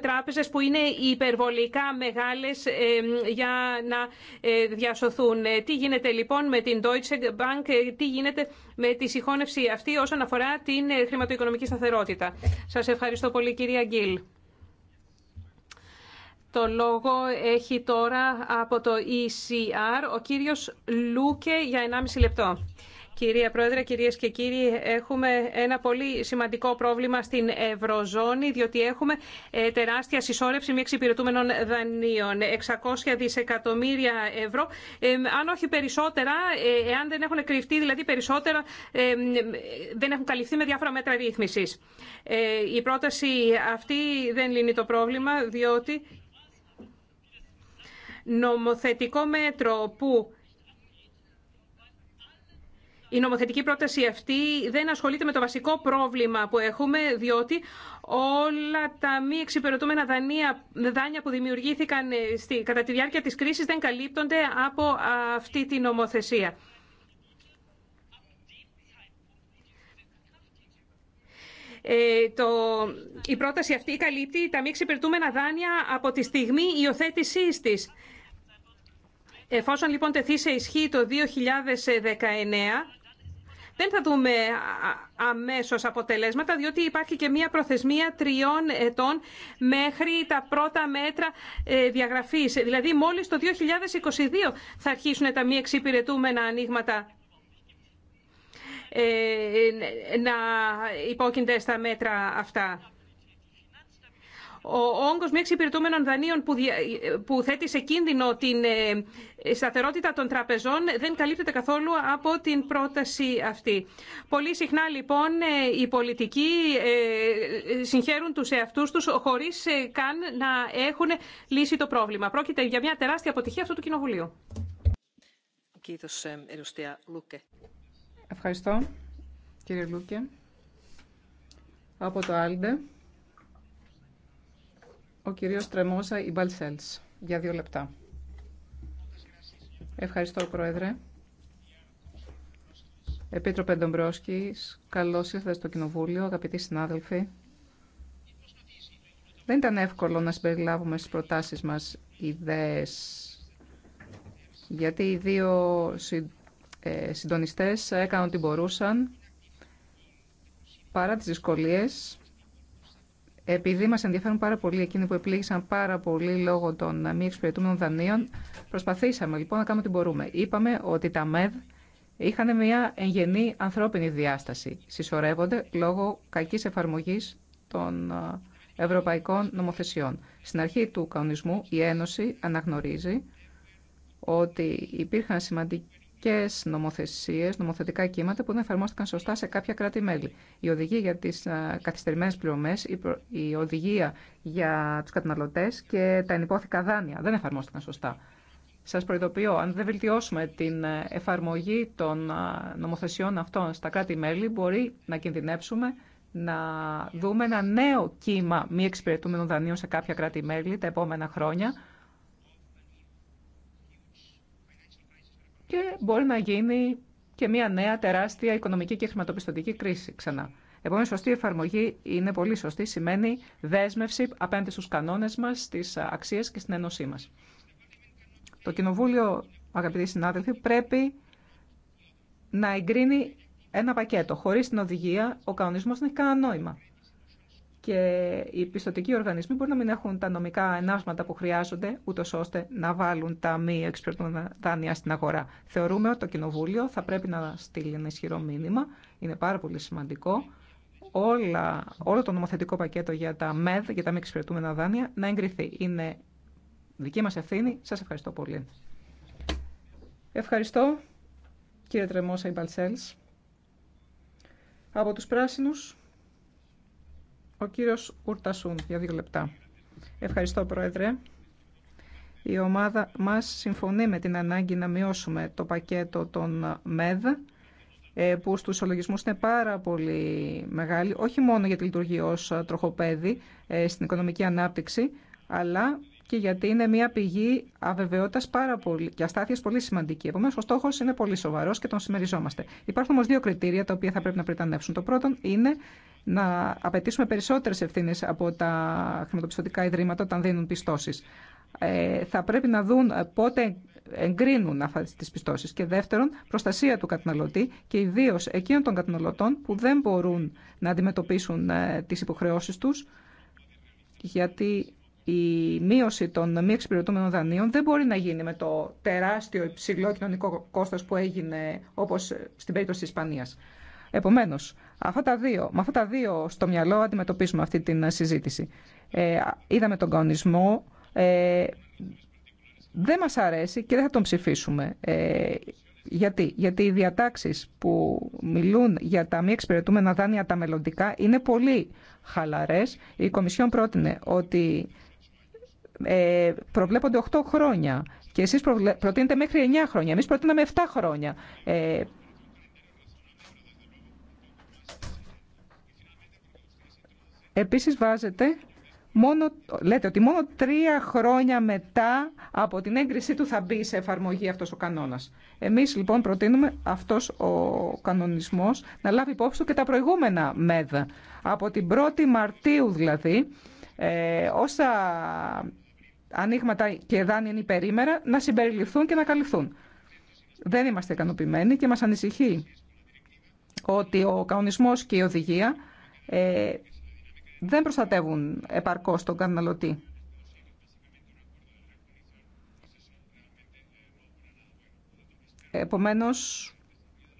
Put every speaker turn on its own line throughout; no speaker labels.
τράπεζες που είναι υπερβολικά μεγάλες ε, για να ε, διασωθούν. Ε, τι γίνεται λοιπόν με την Deutsche Bank, τι γίνεται με τη συγχώνευση αυτή όσον αφορά την χρηματοοικονομική σταθερότητα. Σας ευχαριστώ πολύ κυρία Γκίλ. Το λόγο έχει τώρα από το ECR ο κύριος Λούκε για 1,5 λεπτό. Κυρία Πρόεδρε, κυρίες και κύριοι, έχουμε ένα πολύ σημαντικό πρόβλημα στην Ευρωζώνη, διότι έχουμε ε, τεράστια συσσόρευση μη εξυπηρετούμενων δανείων. 600 δισεκατομμύρια ευρώ, ε, αν όχι περισσότερα, ε, εάν δεν έχουν κρυφτεί, δηλαδή περισσότερα, δεν έχουν καλυφθεί με διάφορα μέτρα Ε, Η πρόταση αυτή δεν λύνει το πρόβλημα, διότι νομοθετικό μέτρο που η νομοθετική πρόταση αυτή δεν ασχολείται με το βασικό πρόβλημα που έχουμε, διότι όλα τα μη εξυπηρετούμενα δανεία, δάνεια που δημιουργήθηκαν ε, στη, κατά τη διάρκεια της κρίσης δεν καλύπτονται από αυτή τη νομοθεσία. Ε, το, η πρόταση αυτή καλύπτει τα μη εξυπηρετούμενα δάνεια από τη στιγμή υιοθέτησή της. Εφόσον λοιπόν τεθεί σε ισχύ το 2019, δεν θα δούμε αμέσως αποτελέσματα, διότι υπάρχει και μία προθεσμία τριών ετών μέχρι τα πρώτα μέτρα ε, διαγραφής. Δηλαδή, μόλις το 2022 θα αρχίσουν τα μη εξυπηρετούμενα ανοίγματα ε, ε, να υπόκεινται στα μέτρα αυτά. Ο όγκος μη εξυπηρετούμενων δανείων που, που θέτει σε κίνδυνο την ε, σταθερότητα των τραπεζών δεν καλύπτεται καθόλου από την πρόταση αυτή. Πολύ συχνά λοιπόν ε, οι πολιτικοί ε, συγχαίρουν τους εαυτούς τους χωρίς καν να έχουν λύσει το πρόβλημα. Πρόκειται για μια τεράστια αποτυχία αυτού του Κοινοβουλίου.
Ευχαριστώ κύριε Λούκε. Από το Άλντε ο κύριος Τρεμόσα Ιμπαλσέλς για δύο λεπτά. Ευχαριστώ, Πρόεδρε. Επίτροπε Ντομπρόσκης, καλώς ήρθατε στο Κοινοβούλιο, αγαπητοί συνάδελφοι. Δεν ήταν εύκολο να συμπεριλάβουμε στις προτάσεις μας ιδέες, γιατί οι δύο ε, συντονιστές έκαναν ό,τι μπορούσαν, παρά τις δυσκολίες επειδή μα ενδιαφέρουν πάρα πολύ εκείνοι που επλήγησαν πάρα πολύ λόγω των ε, μη εξυπηρετούμενων δανείων, προσπαθήσαμε λοιπόν να κάνουμε ό,τι μπορούμε. Είπαμε ότι τα ΜΕΔ είχαν μια εγγενή ανθρώπινη διάσταση. Συσσωρεύονται λόγω κακή εφαρμογή των ε, ευρωπαϊκών νομοθεσιών. Στην αρχή του κανονισμού η Ένωση αναγνωρίζει ότι υπήρχαν σημαντικοί και νομοθεσίε, νομοθετικά κύματα που δεν εφαρμόστηκαν σωστά σε κάποια κράτη-μέλη. Η οδηγία για τι καθυστερημένε πληρωμέ, η οδηγία για του καταναλωτέ και τα ενυπόθηκα δάνεια δεν εφαρμόστηκαν σωστά. Σας προειδοποιώ, αν δεν βελτιώσουμε την ε, εφαρμογή των νομοθεσιών αυτών στα κράτη-μέλη, μπορεί να κινδυνεύσουμε να δούμε ένα νέο κύμα μη εξυπηρετούμενων δανείων σε κάποια κράτη-μέλη τα επόμενα χρόνια, και μπορεί να γίνει και μια νέα τεράστια οικονομική και χρηματοπιστωτική κρίση ξανά. Επομένως, σωστή εφαρμογή είναι πολύ σωστή, σημαίνει δέσμευση απέναντι στους κανόνες μας, στις αξίες και στην ένωσή μας. Το Κοινοβούλιο, αγαπητοί συνάδελφοι, πρέπει να εγκρίνει ένα πακέτο. Χωρίς την οδηγία, ο κανονισμός δεν έχει κανένα νόημα και οι πιστοτικοί οργανισμοί μπορεί να μην έχουν τα νομικά ενάσματα που χρειάζονται, ούτω ώστε να βάλουν τα μη εξυπηρετούμενα δάνεια στην αγορά. Θεωρούμε ότι το Κοινοβούλιο θα πρέπει να στείλει ένα ισχυρό μήνυμα. Είναι πάρα πολύ σημαντικό όλα, όλο το νομοθετικό πακέτο για τα ΜΕΔ, για τα μη εξυπηρετούμενα δάνεια, να εγκριθεί. Είναι δική μα ευθύνη. Σα ευχαριστώ πολύ. Ευχαριστώ, κύριε Τρεμόσα Ιμπαλσέλ. Από τους πράσινους, ο κύριος Ουρτασούν για δύο λεπτά. Ευχαριστώ Πρόεδρε. Η ομάδα μας συμφωνεί με την ανάγκη να μειώσουμε το πακέτο των ΜΕΔ ε, που στους ισολογισμούς είναι πάρα πολύ μεγάλη, όχι μόνο για γιατί λειτουργία ως τροχοπέδι ε, στην οικονομική ανάπτυξη, αλλά και γιατί είναι μια πηγή αβεβαιότητα πάρα πολύ και αστάθεια πολύ σημαντική. Επομένω, ο στόχο είναι πολύ σοβαρό και τον συμμεριζόμαστε. Υπάρχουν όμω δύο κριτήρια τα οποία θα πρέπει να πρετανεύσουν. Το πρώτο είναι να απαιτήσουμε περισσότερες ευθύνε από τα χρηματοπιστωτικά ιδρύματα όταν δίνουν πιστώσεις. Ε, θα πρέπει να δουν πότε εγκρίνουν αυτές τις πιστώσεις. Και δεύτερον, προστασία του καταναλωτή και ιδίως εκείνων των καταναλωτών που δεν μπορούν να αντιμετωπίσουν ε, τις υποχρεώσεις τους γιατί η μείωση των μη εξυπηρετούμενων δανείων δεν μπορεί να γίνει με το τεράστιο υψηλό κοινωνικό κόστος που έγινε όπως στην περίπτωση της Ισπανίας. Επομένως, Αυτά τα δύο, με αυτά τα δύο στο μυαλό αντιμετωπίσουμε αυτή την συζήτηση. Ε, είδαμε τον καονισμό. ε, δεν μας αρέσει και δεν θα τον ψηφίσουμε. Ε, γιατί? Γιατί οι διατάξεις που μιλούν για τα μη εξυπηρετούμενα δάνεια τα μελλοντικά είναι πολύ χαλαρές. Η Κομισιόν πρότεινε ότι ε, προβλέπονται 8 χρόνια και εσείς προτείνετε μέχρι 9 χρόνια. Εμείς προτείναμε 7 χρόνια. Ε, Επίσης βάζετε, μόνο, λέτε ότι μόνο τρία χρόνια μετά από την έγκρισή του θα μπει σε εφαρμογή αυτός ο κανόνας. Εμείς λοιπόν προτείνουμε αυτός ο κανονισμός να λάβει υπόψη του και τα προηγούμενα μέδα. Από την 1η Μαρτίου δηλαδή, ε, όσα ανοίγματα και δάνεια είναι υπερήμερα, να συμπεριληφθούν και να καλυφθούν. Δεν είμαστε ικανοποιημένοι και μας ανησυχεί ότι ο κανονισμός και η οδηγία ε, δεν προστατεύουν επαρκώς τον καταναλωτή. Επομένως,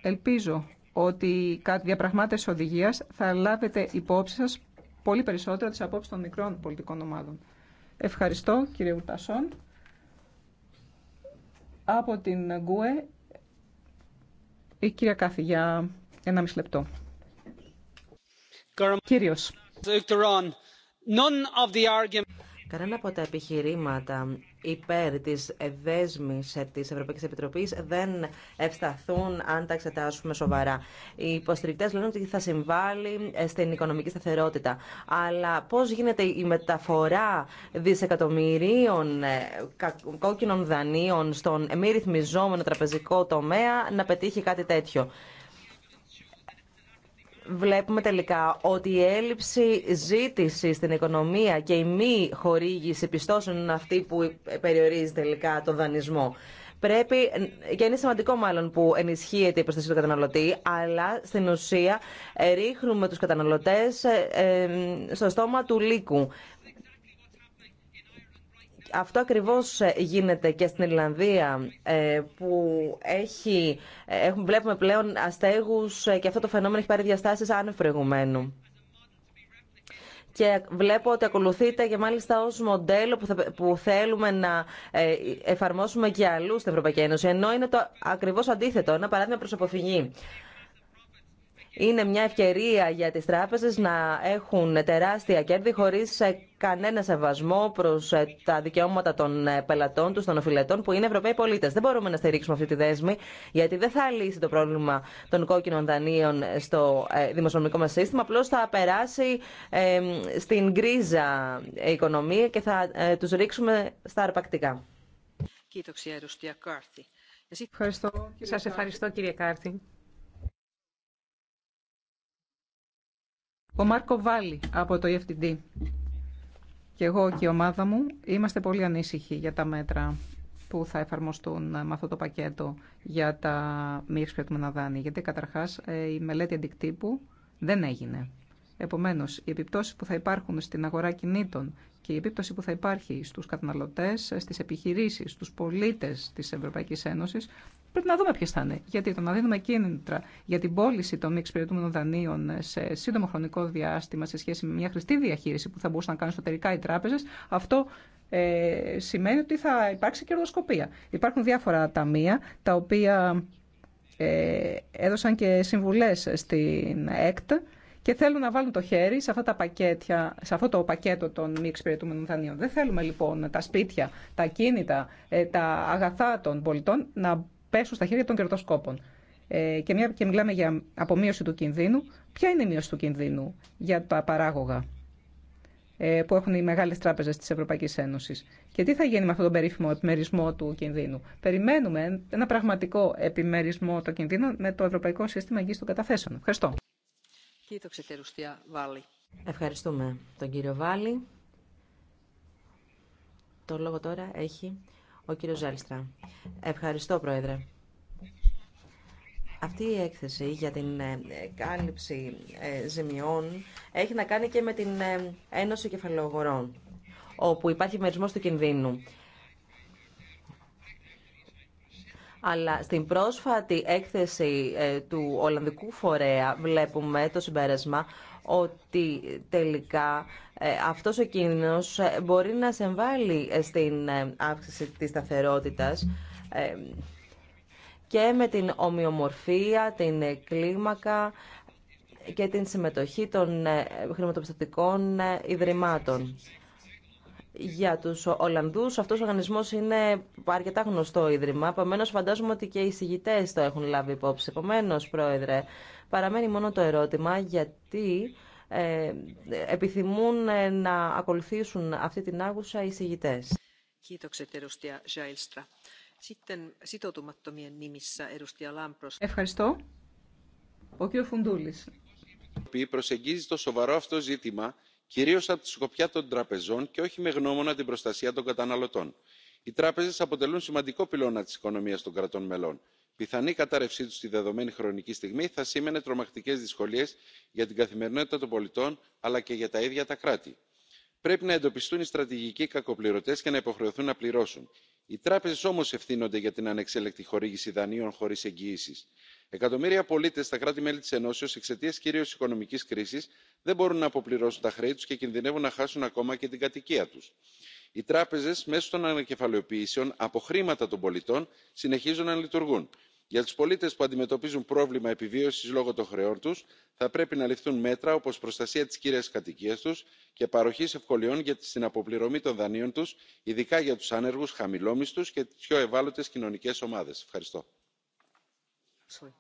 ελπίζω ότι κατά τη διαπραγμάτευση οδηγίας θα λάβετε υπόψη σας πολύ περισσότερο τις απόψεις των μικρών πολιτικών ομάδων. Ευχαριστώ, κύριε Ουρτασόν. Από την ΓΚΟΕ, η κυρία Κάθη για ένα μισή λεπτό. Κύριος.
Κανένα από τα επιχειρήματα υπέρ της δέσμης της Ευρωπαϊκής Επιτροπής δεν ευσταθούν αν τα εξετάσουμε σοβαρά. Οι υποστηρικτές λένε ότι θα συμβάλλει στην οικονομική σταθερότητα. Αλλά πώς γίνεται η μεταφορά δισεκατομμυρίων ε, κόκκινων δανείων στον μη ρυθμιζόμενο τραπεζικό τομέα να πετύχει κάτι τέτοιο βλέπουμε τελικά ότι η έλλειψη ζήτηση στην οικονομία και η μη χορήγηση πιστώσεων είναι αυτή που περιορίζει τελικά τον δανεισμό. Πρέπει, και είναι σημαντικό μάλλον που ενισχύεται η προστασία του καταναλωτή, αλλά στην ουσία ρίχνουμε τους καταναλωτές ε, ε, στο στόμα του λύκου. Αυτό ακριβώς ε, γίνεται και στην Ιρλανδία ε, που έχει, ε, έχουμε, βλέπουμε πλέον αστέγους και αυτό το φαινόμενο έχει πάρει διαστάσεις άνευ προηγουμένου. Και βλέπω ότι ακολουθείται και μάλιστα ως μοντέλο που, θα, που θέλουμε να εφαρμόσουμε και αλλού στην Ευρωπαϊκή Ένωση. Ενώ είναι το ακριβώς αντίθετο, ένα παράδειγμα προς αποφυγή είναι μια ευκαιρία για τις τράπεζες να έχουν τεράστια κέρδη χωρίς ε, κανένα σεβασμό προς ε, τα δικαιώματα των ε, πελατών τους, των οφειλετών που είναι Ευρωπαίοι πολίτες. Δεν μπορούμε να στηρίξουμε αυτή τη δέσμη γιατί δεν θα λύσει το πρόβλημα των κόκκινων δανείων στο δημοσιονομικό μας σύστημα. Απλώς θα περάσει στην γκρίζα οικονομία και θα τους ρίξουμε στα αρπακτικά.
ευχαριστώ
κύριε Ο Μάρκο Βάλι από το EFTD. Και εγώ και η ομάδα μου είμαστε πολύ ανήσυχοι για τα μέτρα που θα εφαρμοστούν με αυτό το πακέτο για τα μη εξυπηρετούμενα δάνεια. Γιατί καταρχάς ε, η μελέτη αντικτύπου δεν έγινε. Επομένως, οι επιπτώσεις που θα υπάρχουν στην αγορά κινήτων και η επίπτωση που θα υπάρχει στους καταναλωτές, στις επιχειρήσεις, στους πολίτες της Ευρωπαϊκής Ένωσης, πρέπει να δούμε ποιες θα είναι. Γιατί το να δίνουμε κίνητρα για την πώληση των μη εξυπηρετούμενων δανείων σε σύντομο χρονικό διάστημα σε σχέση με μια χρηστή διαχείριση που θα μπορούσαν να κάνουν εσωτερικά οι τράπεζες, αυτό ε, σημαίνει ότι θα υπάρξει κερδοσκοπία. Υπάρχουν διάφορα ταμεία τα οποία ε, έδωσαν και συμβουλές στην ΕΚΤ και θέλουν να βάλουν το χέρι σε, αυτά τα πακέτια, σε αυτό το πακέτο των μη εξυπηρετούμενων δανείων. Δεν θέλουμε λοιπόν τα σπίτια, τα κίνητα, ε, τα αγαθά των πολιτών να πέσουν στα χέρια των κερδοσκόπων. Ε, και, και μιλάμε για απομείωση του κινδύνου. Ποια είναι η μείωση του κινδύνου για τα παράγωγα ε, που έχουν οι μεγάλε τράπεζε τη Ευρωπαϊκή Ένωση. Και τι θα γίνει με αυτόν τον περίφημο επιμερισμό του κινδύνου. Περιμένουμε ένα πραγματικό επιμερισμό των κινδύνων με το Ευρωπαϊκό Σύστημα των Καταθέσεων. Ευχαριστώ. Ευχαριστούμε τον κύριο Βάλλη.
Το λόγο τώρα έχει ο κύριος Ζάλστρα. Ευχαριστώ, Πρόεδρε. Αυτή η έκθεση για την ε, κάλυψη ε, ζημιών έχει να κάνει και με την ε, Ένωση Κεφαλαιογορών, όπου υπάρχει μερισμός του κινδύνου. Αλλά στην πρόσφατη έκθεση ε, του Ολλανδικού Φορέα βλέπουμε το συμπέρασμα ότι τελικά ε, αυτός ο κίνδυνος ε, μπορεί να συμβάλλει στην αύξηση της σταθερότητας και με την ομοιομορφία, την κλίμακα και την συμμετοχή των χρηματοπιστωτικών ιδρυμάτων για τους Ολλανδούς. Αυτό ο οργανισμό είναι αρκετά γνωστό ίδρυμα. Επομένω, φαντάζομαι ότι και οι συγητέ το έχουν λάβει υπόψη. Επομένω, Πρόεδρε, παραμένει μόνο το ερώτημα γιατί ε, επιθυμούν ε, να ακολουθήσουν αυτή την
άγουσα οι συγητές. Ευχαριστώ. Ο κ. Φουντούλης.
Προσεγγίζει το σοβαρό αυτό ζήτημα κυρίως από τη σκοπιά των τραπεζών και όχι με γνώμονα την προστασία των καταναλωτών. οι τράπεζες αποτελούν σημαντικό πυλώνα της οικονομίας των κρατών μελών. πιθανή κατάρρευσή τους στη δεδομένη χρονική στιγμή θα σήμαινε τρομακτικές δυσκολίες για την καθημερινότητα των πολιτών αλλά και για τα ίδια τα κράτη. πρέπει να εντοπιστούν οι στρατηγικοί κακοπληρωτές και να υποχρεωθούν να πληρώσουν. οι τράπεζες όμως ευθύνονται για την ανεξέλεγκτη χορήγηση δανείων χωρίς εγγυήσεις εκατομμύρια πολίτε στα κράτη μέλη τη ενώσεω εξαιτία κυρίω τη οικονομική κρίση δεν μπορούν να αποπληρώσουν τα χρέη του και κινδυνεύουν να χάσουν ακόμα και την κατοικία του. οι τράπεζε μέσω των ανακεφαλαιοποιήσεων από χρήματα των πολιτών συνεχίζουν να λειτουργούν. για του πολίτε που αντιμετωπίζουν πρόβλημα επιβίωση λόγω των χρεών του θα πρέπει να ληφθούν μέτρα όπω προστασία τη κύρια κατοικία του και παροχή ευκολιών στην αποπληρωμή των δανείων του ειδικά για του άνεργου χαμηλόμισθου και τι πιο ευάλωτε κοινωνικέ ομάδε. ευχαριστώ.
Sorry.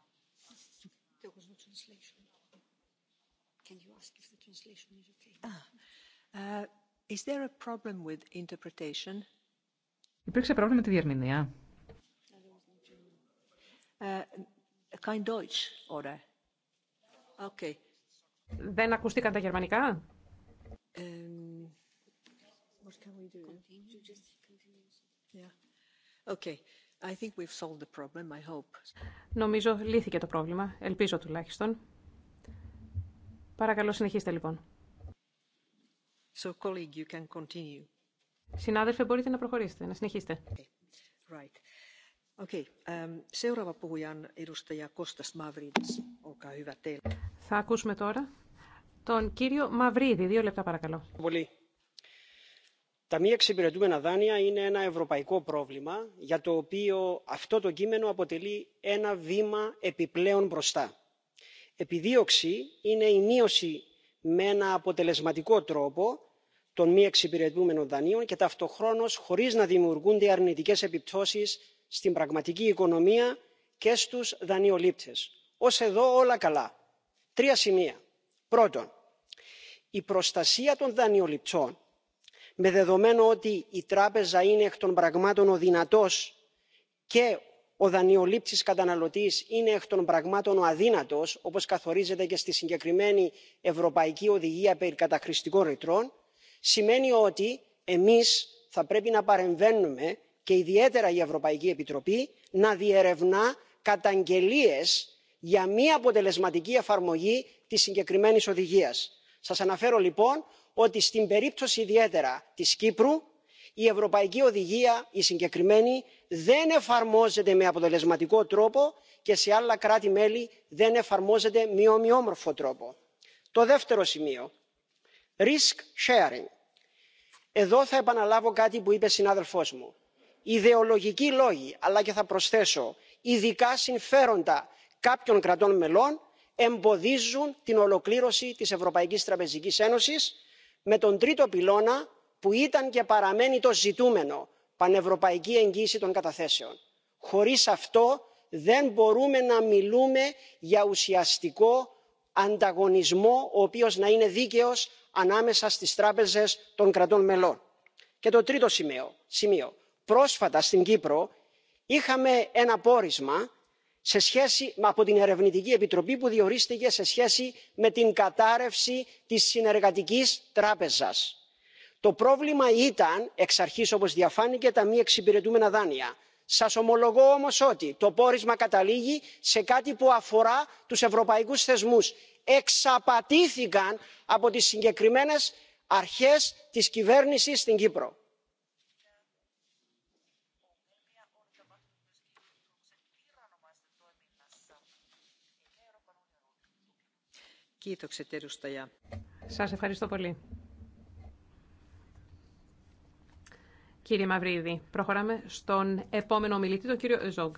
There was no translation. Can you ask if the translation is okay? Ah. Uh, is there a problem with interpretation?
Υπήρξε πρόβλημα με τη διερμηνία.
Uh, kein Deutsch, oder? Okay. Δεν ακούστηκαν τα γερμανικά. Um,
what can we do? you Just continue. Yeah. Okay. I think we've solved the problem, I hope.
Νομίζω λύθηκε το πρόβλημα, ελπίζω τουλάχιστον. Παρακαλώ συνεχίστε λοιπόν.
So, colleague, you can continue.
Συνάδελφε, μπορείτε να προχωρήσετε, να συνεχίσετε. Okay.
Right. Okay. Um, hyvä, teille.
Θα ακούσουμε τώρα τον κύριο Μαυρίδη. Δύο λεπτά παρακαλώ.
Πολύ τα μη εξυπηρετούμενα δάνεια είναι ένα ευρωπαϊκό πρόβλημα για το οποίο αυτό το κείμενο αποτελεί ένα βήμα επιπλέον μπροστά. επιδίωξη είναι η μείωση με ένα αποτελεσματικό τρόπο των μη εξυπηρετούμενων δανείων και ταυτοχρόνως χωρίς να δημιουργούνται αρνητικές επιπτώσεις στην πραγματική οικονομία και στους δανειολήπτες. ως εδώ όλα καλά. τρία σημεία. πρώτον η προστασία των δανειοληπτών με δεδομένο ότι η τράπεζα είναι εκ των πραγμάτων ο δυνατός και ο δανειολήπτης καταναλωτής είναι εκ των πραγμάτων ο αδύνατος όπως καθορίζεται και στη συγκεκριμένη ευρωπαϊκή οδηγία περί καταχρηστικών ρητρών σημαίνει ότι εμείς θα πρέπει να παρεμβαίνουμε και ιδιαίτερα η ευρωπαϊκή επιτροπή να διερευνά καταγγελίες για μη αποτελεσματική εφαρμογή της συγκεκριμένης οδηγίας σας αναφέρω λοιπόν ότι στην περίπτωση ιδιαίτερα της κύπρου η ευρωπαϊκή οδηγία η συγκεκριμένη δεν εφαρμόζεται με αποτελεσματικό τρόπο και σε άλλα κράτη μέλη δεν εφαρμόζεται με ομοιόμορφο τρόπο. το δεύτερο σημείο risk sharing. εδώ θα επαναλάβω κάτι που είπε συνάδελφός μου ιδεολογικοί λόγοι αλλά και θα προσθέσω ειδικά συμφέροντα κάποιων κρατών μελών εμποδίζουν την ολοκλήρωση της ευρωπαϊκής τραπεζικής ένωσης με τον τρίτο πυλώνα που ήταν και παραμένει το ζητούμενο πανευρωπαϊκή εγγύηση των καταθέσεων. χωρίς αυτό δεν μπορούμε να μιλούμε για ουσιαστικό ανταγωνισμό ο οποίος να είναι δίκαιος ανάμεσα στις τράπεζες των κρατών μελών. και το τρίτο σημείο, πρόσφατα στην κύπρο είχαμε ένα πόρισμα από την ερευνητική επιτροπή που διορίστηκε σε σχέση με την κατάρρευση της συνεργατικής τράπεζας. το πρόβλημα ήταν εξ αρχής όπως διαφάνηκε τα μη εξυπηρετούμενα δάνεια. σας ομολογώ όμως ότι το πόρισμα καταλήγει σε κάτι που αφορά τους ευρωπαϊκούς θεσμούς. εξαπατήθηκαν από τις συγκεκριμένες αρχές της κυβέρνησης στην κύπρο.
Σας ευχαριστώ πολύ. Κύριε Μαυρίδη, προχωράμε στον επόμενο μιλητή, τον κύριο Ζόγκ.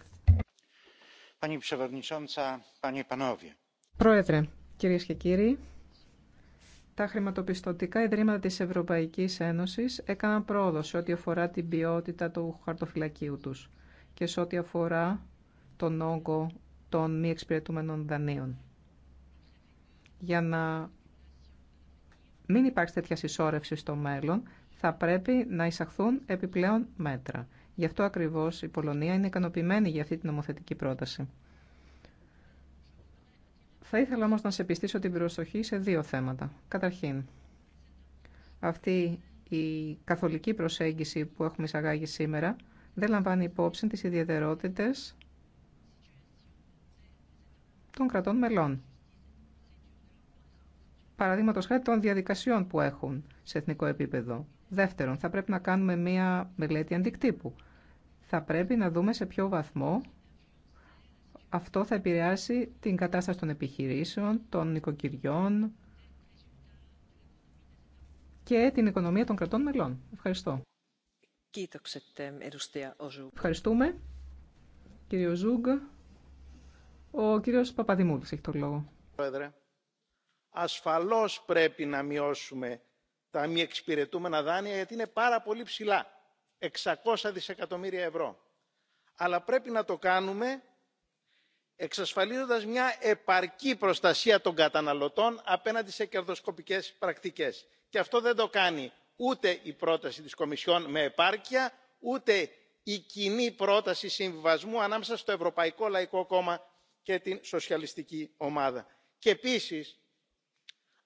Πρόεδρε, κυρίες και κύριοι, τα χρηματοπιστωτικά ιδρύματα της Ευρωπαϊκής Ένωσης έκαναν πρόοδο σε ό,τι αφορά την ποιότητα του χαρτοφυλακίου τους και σε ό,τι αφορά τον όγκο των μη εξυπηρετούμενων δανείων για να μην υπάρξει τέτοια συσσόρευση στο μέλλον, θα πρέπει να εισαχθούν επιπλέον μέτρα. Γι' αυτό ακριβώς η Πολωνία είναι ικανοποιημένη για αυτή την νομοθετική πρόταση. Θα ήθελα όμως να σε πιστήσω την προσοχή σε δύο θέματα. Καταρχήν, αυτή η καθολική προσέγγιση που έχουμε εισαγάγει σήμερα δεν λαμβάνει υπόψη τις ιδιαιτερότητες των κρατών μελών παραδείγματο χάρη των διαδικασιών που έχουν σε εθνικό επίπεδο. Δεύτερον, θα πρέπει να κάνουμε μία μελέτη αντικτύπου. Θα πρέπει να δούμε σε ποιο βαθμό αυτό θα επηρεάσει την κατάσταση των επιχειρήσεων, των οικοκυριών και την οικονομία των κρατών μελών. Ευχαριστώ. Ευχαριστούμε. Κύριο Ζούγκ. Ο κύριος Παπαδημούλης έχει το λόγο
ασφαλώς πρέπει να μειώσουμε τα μη εξυπηρετούμενα δάνεια γιατί είναι πάρα πολύ ψηλά 600 δισεκατομμύρια ευρώ. Αλλά πρέπει να το κάνουμε εξασφαλίζοντας μια επαρκή προστασία των καταναλωτών απέναντι σε κερδοσκοπικές πρακτικές. Και αυτό δεν το κάνει ούτε η πρόταση της Κομισιόν με επάρκεια, ούτε η κοινή πρόταση συμβιβασμού ανάμεσα στο Ευρωπαϊκό Λαϊκό Κόμμα και την Σοσιαλιστική Ομάδα. Και επίσης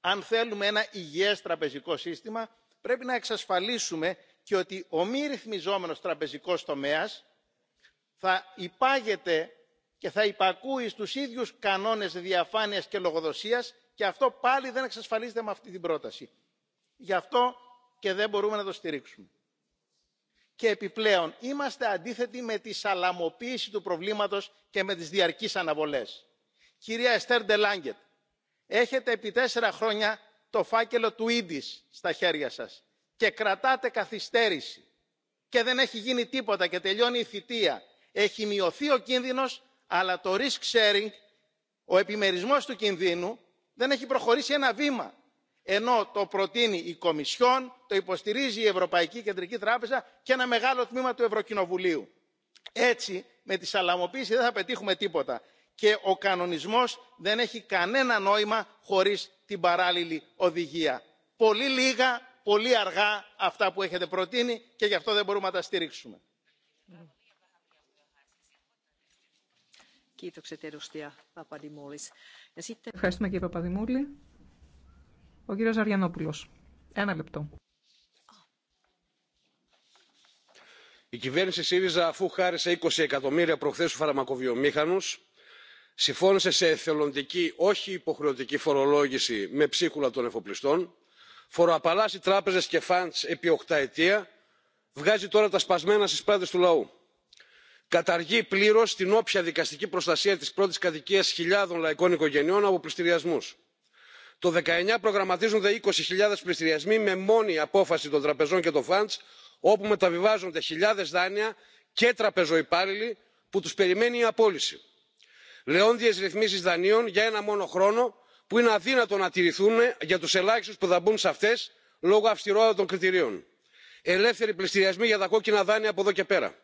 αν θέλουμε ένα υγιές τραπεζικό σύστημα πρέπει να εξασφαλίσουμε και ότι ο μη ρυθμιζόμενος τραπεζικός τομέας θα υπάγεται και θα υπακούει στους ίδιους κανόνες διαφάνειας και λογοδοσίας και αυτό πάλι δεν εξασφαλίζεται με αυτή την πρόταση. Γι' αυτό και δεν μπορούμε να το στηρίξουμε. Και επιπλέον είμαστε αντίθετοι με τη σαλαμοποίηση του προβλήματος και με τις διαρκείς αναβολές. Κυρία Εστέρ Ντελάγκετ, έχετε επί τέσσερα χρόνια το φάκελο του ίντις στα χέρια σας και κρατάτε καθυστέρηση και δεν έχει γίνει τίποτα και τελειώνει η θητεία. Έχει μειωθεί ο κίνδυνος αλλά το risk sharing, ο επιμερισμός του κινδύνου δεν έχει προχωρήσει ένα βήμα. Ενώ το προτείνει η Κομισιόν, το υποστηρίζει η Ευρωπαϊκή Κεντρική Τράπεζα και ένα μεγάλο τμήμα του Ευρωκοινοβουλίου. Έτσι, με τη σαλαμοποίηση δεν θα πετύχουμε τίποτα και ο κανονισμός δεν έχει κανένα νόημα χωρίς την παράλληλη οδηγία. πολύ λίγα πολύ αργά αυτά που έχετε προτείνει και γι' αυτό δεν μπορούμε να τα στηρίξουμε.
Ευχαριστούμε
κύριε Παπαδημούλη. Ο κύριος Αριανόπουλος. Ένα λεπτό.
Η κυβέρνηση ΣΥΡΙΖΑ αφού χάρισε 20 εκατομμύρια προχθές στους φαρμακοβιομήχανους συμφώνησε σε εθελοντική όχι υποχρεωτική φορολόγηση με ψίχουλα των εφοπλιστών φοροαπαλλάσσει τράπεζες και φαντς επί ετία, βγάζει τώρα τα σπασμένα στις πλάτες του λαού καταργεί πλήρως την όποια δικαστική προστασία της πρώτης κατοικίας χιλιάδων λαϊκών οικογενειών από πληστηριασμούς. το 19 προγραμματίζονται 20.000 πληστηριασμοί με μόνη απόφαση των τραπεζών και των φαντς όπου μεταβιβάζονται χιλιάδες δάνεια και τραπεζοϊπάλληλοι που τους περιμένει η απόλυση λεόντιες ρυθμίσεις δανείων για ένα μόνο χρόνο που είναι αδύνατο να τηρηθούν για τους ελάχιστους που θα μπουν σε αυτές λόγω αυστηρότατων κριτηρίων. ελεύθεροι πληστηριασμοί για τα κόκκινα δάνεια από εδώ και πέρα.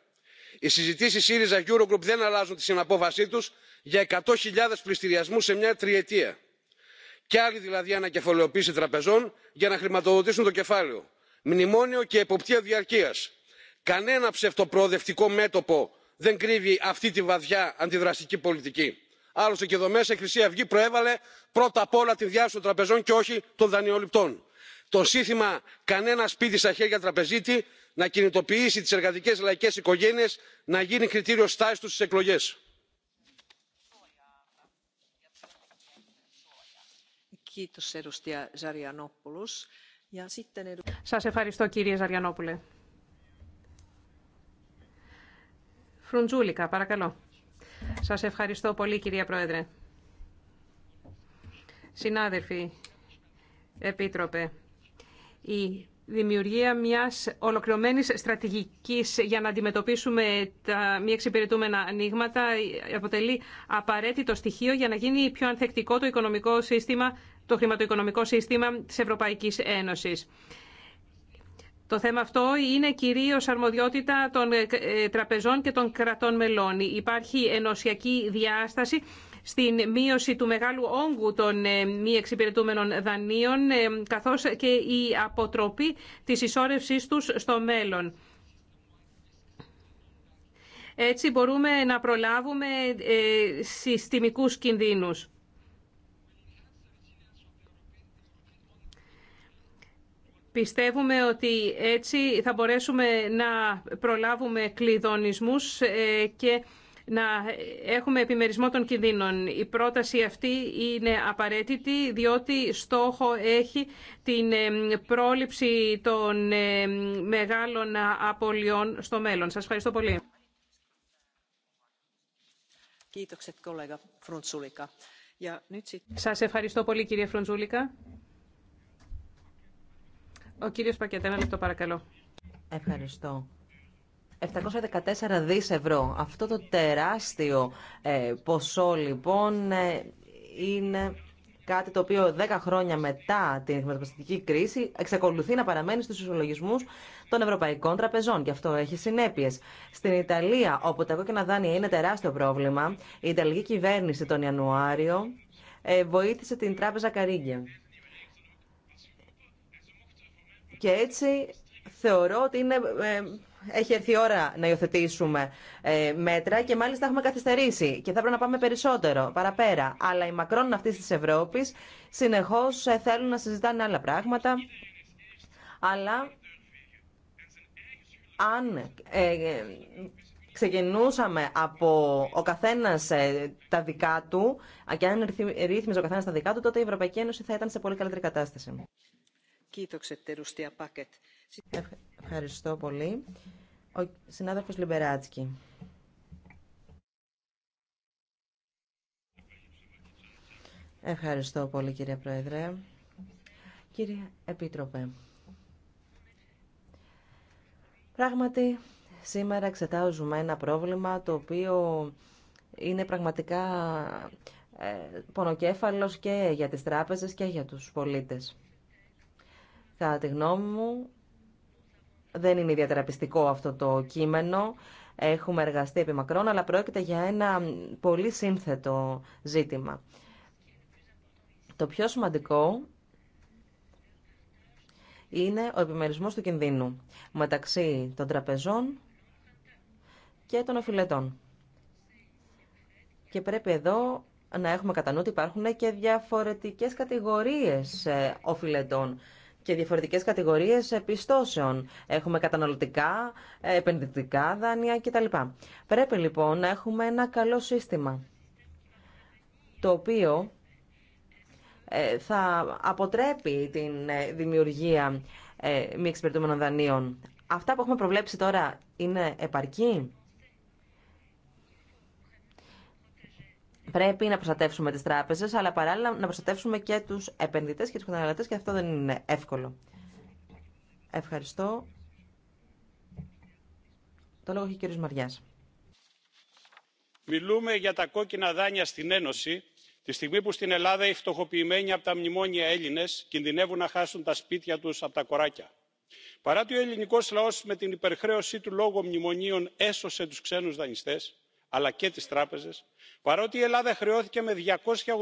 οι συζητήσεις συριζα eurogroup δεν αλλάζουν τη συναπόφασή τους για εκατό χιλιάδες πληστηριασμούς σε μια τριετία. Και άλλη δηλαδή ανακεφαλαιοποίηση τραπεζών για να χρηματοδοτήσουν το κεφάλαιο. μνημόνιο και εποπτεία διαρκείας. κανένα ψευτοπροοδευτικό μέτωπο δεν κρύβει αυτή τη βαθιά αντιδραστική πολιτική. άλλωστε και εδώ μέσα η χρυσή αυγή προέβαλε πρώτα απ' όλα τη διάσωση των τραπεζών και όχι των δανειοληπτών. το σύνθημα κανένα σπίτι στα χέρια τραπεζίτη να κινητοποιήσει τις εργατικές λαϊκές οικογένειες να γίνει κριτήριο στάσης τους στις εκλογές.
ευχαριστώ κύριε Ζαριανόπουλε. Φρουντζούλικα, παρακαλώ. Σας ευχαριστώ πολύ, κυρία Πρόεδρε. Συνάδελφοι, Επίτροπε, η δημιουργία μιας ολοκληρωμένης στρατηγικής για να αντιμετωπίσουμε τα μη εξυπηρετούμενα ανοίγματα αποτελεί απαραίτητο στοιχείο για να γίνει πιο ανθεκτικό το, οικονομικό σύστημα, το χρηματοοικονομικό σύστημα της Ευρωπαϊκής Ένωσης. Το θέμα αυτό είναι κυρίως αρμοδιότητα των ε, ε, τραπεζών και των κρατών μελών. Υπάρχει ενωσιακή διάσταση στην μείωση του μεγάλου όγκου των ε, μη εξυπηρετούμενων δανείων, καθώς και η αποτροπή της ισόρευσής τους στο μέλλον. Έτσι μπορούμε να προλάβουμε συστημικούς κινδύνους. Πιστεύουμε ότι έτσι θα μπορέσουμε να προλάβουμε κλειδονισμούς ε, και να έχουμε επιμερισμό των κινδύνων. Η πρόταση αυτή είναι απαραίτητη διότι στόχο έχει την ε, πρόληψη των ε, μεγάλων απολειών στο μέλλον. Σας ευχαριστώ πολύ. Σας ευχαριστώ πολύ κύριε Φροντζούλικα. Ο κύριος Πακέτα, ένα λεπτό παρακαλώ.
Ευχαριστώ. 714 δις ευρώ. Αυτό το τεράστιο ε, ποσό λοιπόν ε, είναι κάτι το οποίο 10 χρόνια μετά την χρηματοπιστική κρίση εξακολουθεί να παραμένει στους ισολογισμούς των ευρωπαϊκών τραπεζών και αυτό έχει συνέπειες. Στην Ιταλία, όπου τα κόκκινα δάνεια είναι τεράστιο πρόβλημα, η Ιταλική κυβέρνηση τον Ιανουάριο ε, βοήθησε την τράπεζα Καρίγκια και έτσι θεωρώ ότι είναι, ε, έχει έρθει η ώρα να υιοθετήσουμε ε, μέτρα και μάλιστα έχουμε καθυστερήσει και θα πρέπει να πάμε περισσότερο, παραπέρα. Αλλά οι μακρόν αυτή τη Ευρώπη συνεχώ ε, θέλουν να συζητάνε άλλα πράγματα. Αλλά αν ε, ξεκινούσαμε από ο καθένα τα δικά του, και αν ρύθμιζε ο καθένα τα δικά του, τότε η Ευρωπαϊκή Ένωση θα ήταν σε πολύ καλύτερη κατάσταση. Ευχαριστώ πολύ. Ο συνάδελφος Λιμπεράτσκι. Ευχαριστώ πολύ κύριε Πρόεδρε. Κύριε Επίτροπε, πράγματι σήμερα εξετάζουμε ένα πρόβλημα το οποίο είναι πραγματικά ε, πονοκέφαλος και για τις τράπεζες και για τους πολίτες. Κατά τη γνώμη μου, δεν είναι ιδιαίτερα πιστικό αυτό το κείμενο. Έχουμε εργαστεί επί μακρόν, αλλά πρόκειται για ένα πολύ σύνθετο ζήτημα. Το πιο σημαντικό είναι ο επιμερισμός του κινδύνου μεταξύ των τραπεζών και των οφειλετών. Και πρέπει εδώ να έχουμε κατά νου ότι υπάρχουν και διαφορετικές κατηγορίες ε, οφειλετών και διαφορετικές κατηγορίες επιστώσεων. Έχουμε καταναλωτικά, επενδυτικά δάνεια κτλ. Πρέπει λοιπόν να έχουμε ένα καλό σύστημα, το οποίο ε, θα αποτρέπει την ε, δημιουργία ε, μη εξυπηρετούμενων δανείων. Αυτά που έχουμε προβλέψει τώρα είναι επαρκή. Πρέπει να προστατεύσουμε τι τράπεζε, αλλά παράλληλα να προστατεύσουμε και του επενδυτές και του καταναλωτέ, και αυτό δεν είναι εύκολο. Ευχαριστώ. Το λόγο έχει ο κ. μαριά.
Μιλούμε για τα κόκκινα δάνεια στην Ένωση, τη στιγμή που στην Ελλάδα οι φτωχοποιημένοι από τα μνημόνια Έλληνε, κινδυνεύουν να χάσουν τα σπίτια του από τα κοράκια. Παρά ότι ο ελληνικό λαός με την υπερχρέωσή του λόγω μνημονίων έσωσε του ξένου δανειστέ, αλλά και τι τράπεζε παρότι η ελλάδα χρεώθηκε με διακόσια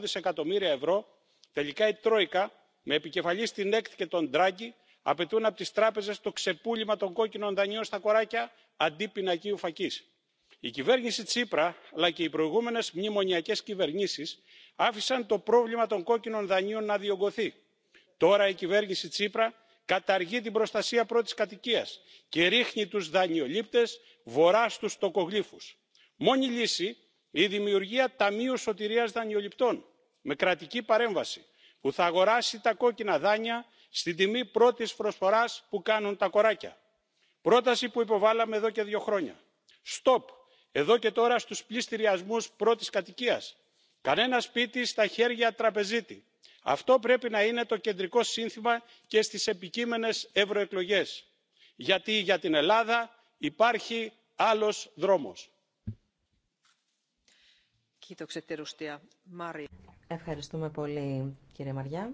δισεκατομμύρια ευρώ τελικά η τρόικα με επικεφαλή στην εκτ και τον ντράγκη απαιτούν από τις τράπεζες το ξεπούλημα των κόκκινων δανείων στα κοράκια αντί πινακίου φακής. η κυβέρνηση τσίπρα αλλά και οι προηγούμενες μνημονιακές κυβερνήσεις άφησαν το πρόβλημα των κόκκινων δανείων να διωγγωθεί. τώρα η κυβέρνηση τσίπρα καταργεί την προστασία πρώτης κατοικίας και ρίχνει τους δανειολήπτες βορρά στους τοκογλύφους. μόνη λύση η δημιουργία ταμείου σωτηρίας δανειοληπτών με κρατική παρέμβαση που θα αγοράσει τα κόκκινα δάνεια στην τιμή πρώτης προσφοράς που κάνουν τα κοράκια. Πρόταση που υποβάλαμε εδώ και δύο χρόνια. Στοπ εδώ και τώρα στους πληστηριασμούς πρώτης κατοικίας. Κανένα σπίτι στα χέρια τραπεζίτη. Αυτό πρέπει να είναι το κεντρικό σύνθημα και στις επικείμενες ευρωεκλογές. Γιατί για την Ελλάδα υπάρχει άλλος δρόμος.
Ευχαριστούμε πολύ, κύριε Μαριά.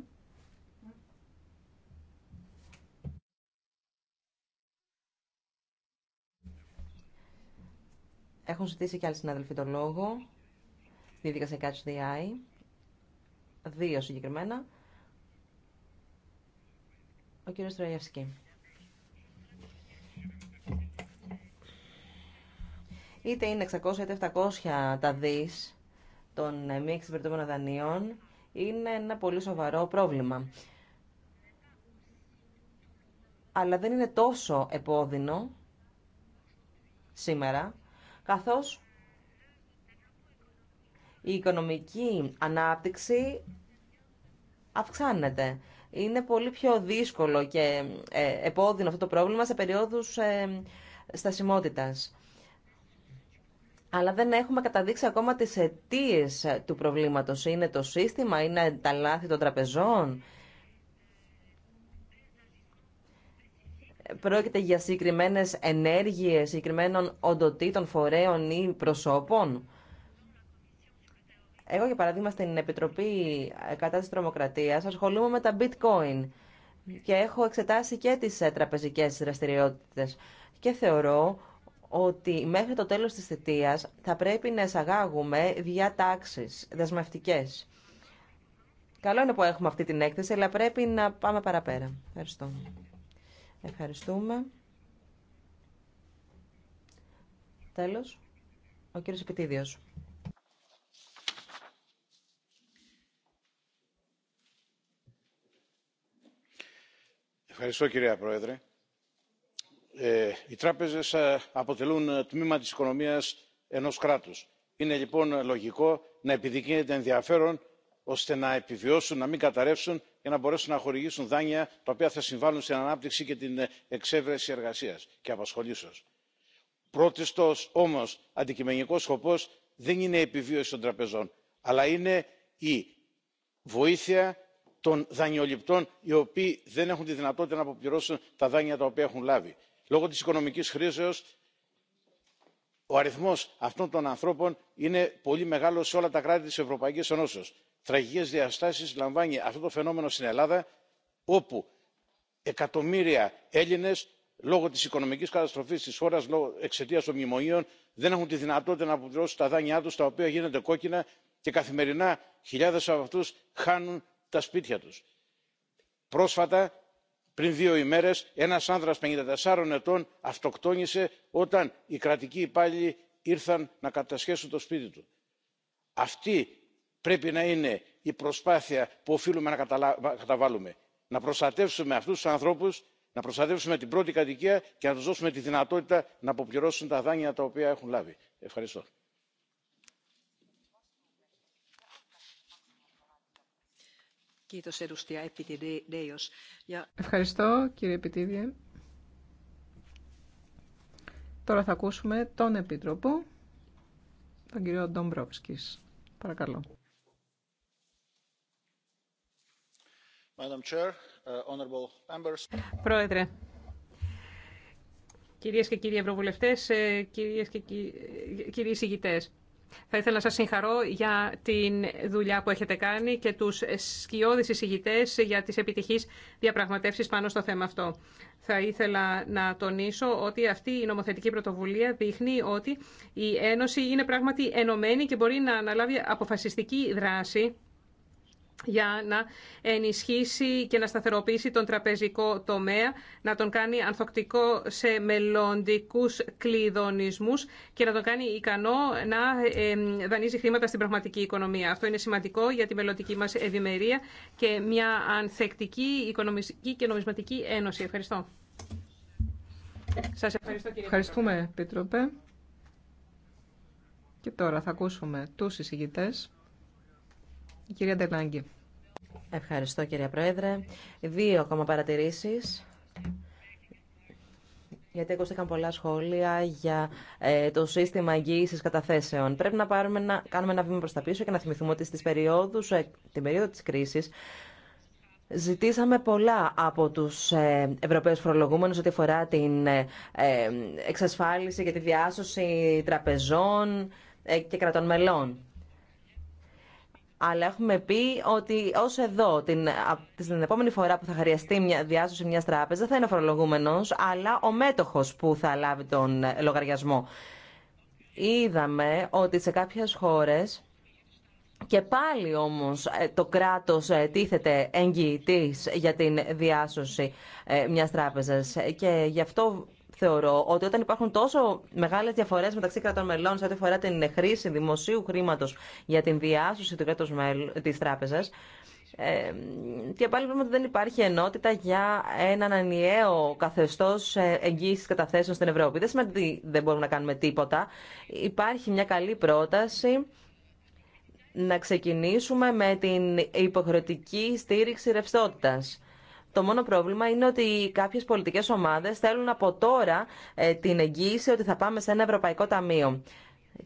Έχουν ζητήσει και άλλοι συνάδελφοι το λόγο. Δίδικα σε Catch the Δύο συγκεκριμένα. Ο κύριος Τραγιαυσκή. Είτε είναι 600 είτε 700 τα δις των ε, μη εξυπηρετούμενων δανείων είναι ένα πολύ σοβαρό πρόβλημα. Αλλά δεν είναι τόσο επώδυνο σήμερα, καθώς η οικονομική ανάπτυξη αυξάνεται. Είναι πολύ πιο δύσκολο και ε, επώδυνο αυτό το πρόβλημα σε περίοδους ε, στασιμότητας αλλά δεν έχουμε καταδείξει ακόμα τις αιτίε του προβλήματος. Είναι το σύστημα, είναι τα λάθη των τραπεζών. Πρόκειται για συγκεκριμένες ενέργειες, συγκεκριμένων οντοτήτων, φορέων ή προσώπων. Εγώ, για παράδειγμα, στην Επιτροπή Κατά της Τρομοκρατίας ασχολούμαι με τα bitcoin και έχω εξετάσει και τις τραπεζικές δραστηριότητες και θεωρώ ότι μέχρι το τέλος της θητείας θα πρέπει να εισαγάγουμε διατάξεις δεσμευτικές. Καλό είναι που έχουμε αυτή την έκθεση, αλλά πρέπει να πάμε παραπέρα. Ευχαριστώ. Ευχαριστούμε. Τέλος, ο κύριος Επιτίδιος.
Ευχαριστώ κυρία Πρόεδρε ε, οι τράπεζες ε, αποτελούν ε, τμήμα της οικονομίας ενός κράτους. είναι λοιπόν λογικό να επιδεικνύεται ενδιαφέρον ώστε να επιβιώσουν να μην καταρρεύσουν και να μπορέσουν να χορηγήσουν δάνεια τα οποία θα συμβάλλουν στην ανάπτυξη και την εξέβρεση εργασίας και απασχολήσεως. πρώτιστος όμως αντικειμενικός σκοπός δεν είναι η επιβίωση των τραπεζών αλλά είναι η βοήθεια των δανειοληπτών οι οποίοι δεν έχουν τη δυνατότητα να αποπληρώσουν τα δάνεια τα οποία έχουν λάβει λόγω της οικονομικής κρίσεως ο αριθμός αυτών των ανθρώπων είναι πολύ μεγάλος σε όλα τα κράτη της ευρωπαϊκής ενώσεως. τραγικές διαστάσεις λαμβάνει αυτό το φαινόμενο στην ελλάδα όπου εκατομμύρια έλληνες λόγω της οικονομικής καταστροφής της χώρας εξαιτίας των μνημονίων δεν έχουν τη δυνατότητα να αποπληρώσουν τα δάνειά τους τα οποία γίνονται κόκκινα και καθημερινά χιλιάδες από αυτούς χάνουν τα σπίτια τους. πρόσφατα πριν δύο ημέρες ένας άνδρας 54 ετών αυτοκτόνησε όταν οι κρατικοί υπάλληλοι ήρθαν να κατασχέσουν το σπίτι του. Αυτή πρέπει να είναι η προσπάθεια που οφείλουμε να καταβάλουμε. Να προστατεύσουμε αυτούς τους ανθρώπους, να προστατεύσουμε την πρώτη κατοικία και να τους δώσουμε τη δυνατότητα να αποπληρώσουν τα δάνεια τα οποία έχουν λάβει. Ευχαριστώ.
Ευχαριστώ κύριε Επιτίδια. Τώρα θα ακούσουμε τον Επίτροπο, τον κύριο Ντομπρόφσκης. Παρακαλώ.
Uh,
Πρόεδρε,
κυρίες και κύριοι ευρωβουλευτές, ε, κυρίες και ε, κύριοι συγητές. Θα ήθελα να σας συγχαρώ για την δουλειά που έχετε κάνει και τους σκιώδεις εισηγητές για τις επιτυχείς διαπραγματεύσεις πάνω στο θέμα αυτό. Θα ήθελα να τονίσω ότι αυτή η νομοθετική πρωτοβουλία δείχνει ότι η Ένωση είναι πράγματι ενωμένη και μπορεί να αναλάβει αποφασιστική δράση για να ενισχύσει και να σταθεροποιήσει τον τραπεζικό τομέα, να τον κάνει ανθοκτικό σε μελλοντικού κλειδονισμούς και να τον κάνει ικανό να δανείζει χρήματα στην πραγματική οικονομία. Αυτό είναι σημαντικό για τη μελλοντική μας ευημερία και μια ανθεκτική οικονομική και νομισματική ένωση. Ευχαριστώ.
Σας ευχαριστώ κύριε Ευχαριστούμε, Πίτροπε. Και τώρα θα ακούσουμε τους εισηγητές κυρία Ντελάγκη. Ευχαριστώ κυρία
Πρόεδρε. Δύο ακόμα παρατηρήσεις. Γιατί ακούστηκαν πολλά σχόλια για ε, το σύστημα εγγύηση καταθέσεων. Πρέπει να, πάρουμε, να κάνουμε ένα βήμα προ τα πίσω και να θυμηθούμε ότι στις περιόδους, ε, την περίοδο τη κρίση ζητήσαμε πολλά από του ε, Ευρωπαίου φορολογούμενου ό,τι αφορά την εξασφάλιση και τη διάσωση τραπεζών και κρατών μελών αλλά έχουμε πει ότι ω εδώ, την, την επόμενη φορά που θα χρειαστεί μια διάσωση μια τράπεζα, θα είναι ο φορολογούμενο, αλλά ο μέτοχο που θα λάβει τον ε, λογαριασμό. Είδαμε ότι σε κάποιε χώρε. Και πάλι όμως ε, το κράτος ε, τίθεται εγγυητής για την διάσωση μιας τράπεζας και γι' αυτό θεωρώ ότι όταν υπάρχουν τόσο μεγάλες διαφορές μεταξύ κρατών μελών σε ό,τι αφορά την χρήση δημοσίου χρήματο για την διάσωση του κράτου της τράπεζας, ε, και πάλι βλέπουμε ότι δεν υπάρχει ενότητα για έναν ανιαίο καθεστώ ε, εγγύηση καταθέσεων στην Ευρώπη. Δεν σημαίνει ότι δεν μπορούμε να κάνουμε τίποτα. Υπάρχει μια καλή πρόταση να ξεκινήσουμε με την υποχρεωτική στήριξη ρευστότητας. Το μόνο πρόβλημα είναι ότι κάποιες πολιτικές ομάδες θέλουν από τώρα ε, την εγγύηση ότι θα πάμε σε ένα Ευρωπαϊκό Ταμείο.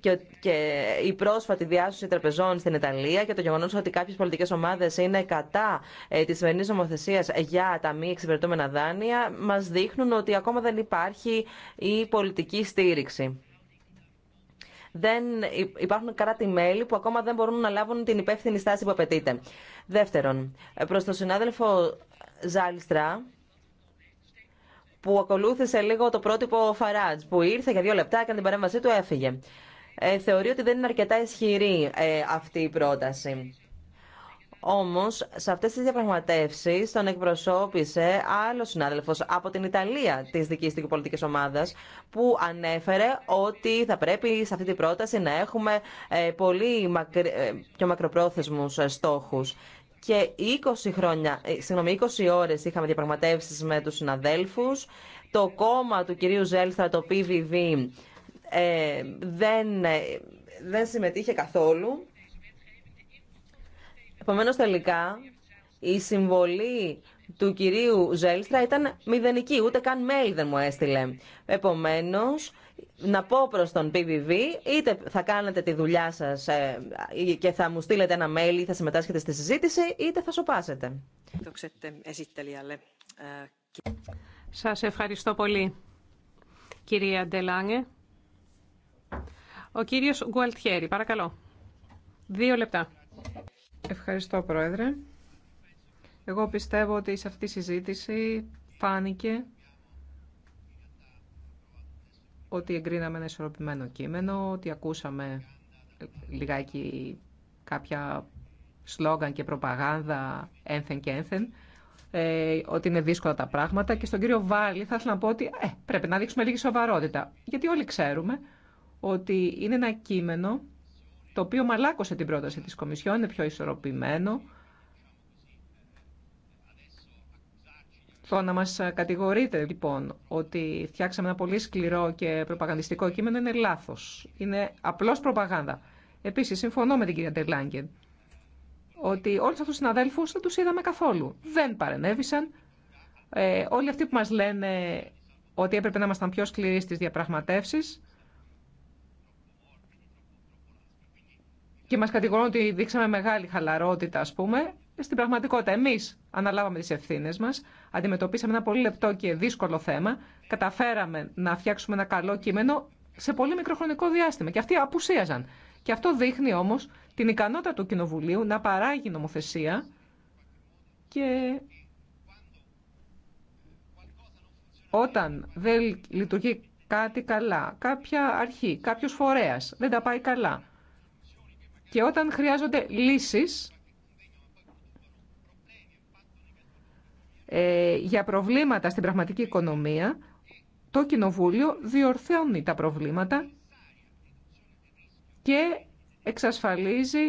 Και, και η πρόσφατη διάσωση τραπεζών στην Ιταλία και το γεγονό ότι κάποιε πολιτικέ ομάδε είναι κατά ε, τη σημερινή νομοθεσία για τα μη εξυπηρετούμενα δάνεια μα δείχνουν ότι ακόμα δεν υπάρχει η πολιτική στήριξη δεν υπάρχουν κράτη-μέλη που ακόμα δεν μπορούν να λάβουν την υπεύθυνη στάση που απαιτείται. Δεύτερον, προς τον συνάδελφο Ζάλιστρα, που ακολούθησε λίγο το πρότυπο Φαράτζ, που ήρθε για δύο λεπτά, έκανε την παρέμβασή του, έφυγε. Ε, θεωρεί ότι δεν είναι αρκετά ισχυρή ε, αυτή η πρόταση. Όμω, σε αυτές τις διαπραγματεύσεις τον εκπροσώπησε άλλο συνάδελφο από την Ιταλία της δική του πολιτική ομάδας που ανέφερε ότι θα πρέπει σε αυτή την πρόταση να έχουμε ε, πολύ μακρι... Ε, πιο μακροπρόθεσμους ε, στόχους. Και 20, χρόνια, συγγνώμη, 20 ώρες είχαμε διαπραγματεύσεις με τους συναδέλφους. Το κόμμα του κυρίου Ζέλστρα, το PVV, δεν, δεν συμμετείχε καθόλου. Επομένω, τελικά η συμβολή του κυρίου Ζέλστρα ήταν μηδενική, ούτε καν mail δεν μου έστειλε. Επομένω, να πω προς τον PVV, είτε θα κάνετε τη δουλειά σας ε, και θα μου στείλετε ένα mail ή θα συμμετάσχετε στη συζήτηση, είτε θα σοπάσετε.
Σας ευχαριστώ πολύ, κυρία Ντελάνε. Ο κύριος Γκουαλτιέρη, παρακαλώ.
Δύο λεπτά. Ευχαριστώ, Πρόεδρε. Εγώ πιστεύω ότι σε αυτή τη συζήτηση φάνηκε ότι εγκρίναμε ένα ισορροπημένο κείμενο, ότι ακούσαμε λιγάκι κάποια σλόγγαν και προπαγάνδα ένθεν και ένθεν, ε, ότι είναι δύσκολα τα πράγματα. Και στον κύριο Βάλλη θα ήθελα να πω ότι ε, πρέπει να δείξουμε λίγη σοβαρότητα. Γιατί όλοι ξέρουμε ότι είναι ένα κείμενο το οποίο μαλάκωσε την πρόταση της Κομισιόν, είναι πιο ισορροπημένο. Το να μας κατηγορείτε λοιπόν ότι φτιάξαμε ένα πολύ σκληρό και προπαγανδιστικό κείμενο είναι λάθος. Είναι απλώς προπαγάνδα. Επίσης, συμφωνώ με την κυρία Τερλάγκεν ότι όλους αυτούς τους συναδέλφους δεν τους είδαμε καθόλου. Δεν παρενέβησαν. Ε, όλοι αυτοί που μας λένε ότι έπρεπε να ήμασταν πιο σκληροί στις διαπραγματεύσεις, και μας κατηγορούν ότι δείξαμε μεγάλη χαλαρότητα, ας πούμε. Στην πραγματικότητα, εμείς αναλάβαμε τις ευθύνες μας, αντιμετωπίσαμε ένα πολύ λεπτό και δύσκολο θέμα, καταφέραμε να φτιάξουμε ένα καλό κείμενο σε πολύ μικροχρονικό διάστημα και αυτοί απουσίαζαν. Και αυτό δείχνει όμως την ικανότητα του Κοινοβουλίου να παράγει νομοθεσία και όταν δεν λειτουργεί κάτι καλά, κάποια αρχή, κάποιος φορέας δεν τα πάει καλά, και όταν χρειάζονται λύσεις ε, για προβλήματα στην πραγματική οικονομία, το Κοινοβούλιο διορθώνει τα προβλήματα και εξασφαλίζει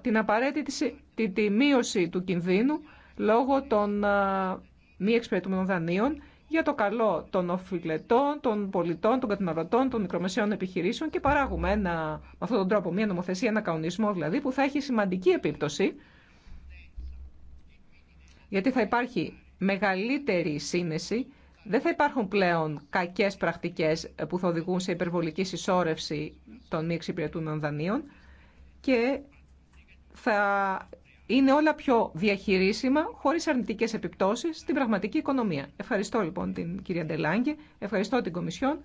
την απαραίτητη τη, τη μείωση του κινδύνου λόγω των μη εξυπηρετούμενων δανείων για το καλό των οφειλετών, των πολιτών, των καταναλωτών, των μικρομεσαίων επιχειρήσεων και παράγουμε ένα, με αυτόν τον τρόπο μια νομοθεσία, ένα καονισμό δηλαδή που θα έχει σημαντική επίπτωση γιατί θα υπάρχει μεγαλύτερη σύνεση, δεν θα υπάρχουν πλέον κακές πρακτικές που θα οδηγούν σε υπερβολική συσσόρευση των μη εξυπηρετούμενων δανείων και θα είναι όλα πιο διαχειρίσιμα χωρίς αρνητικές επιπτώσεις στην πραγματική οικονομία. Ευχαριστώ λοιπόν την κυρία Ντελάγκη, ευχαριστώ την Κομισιόν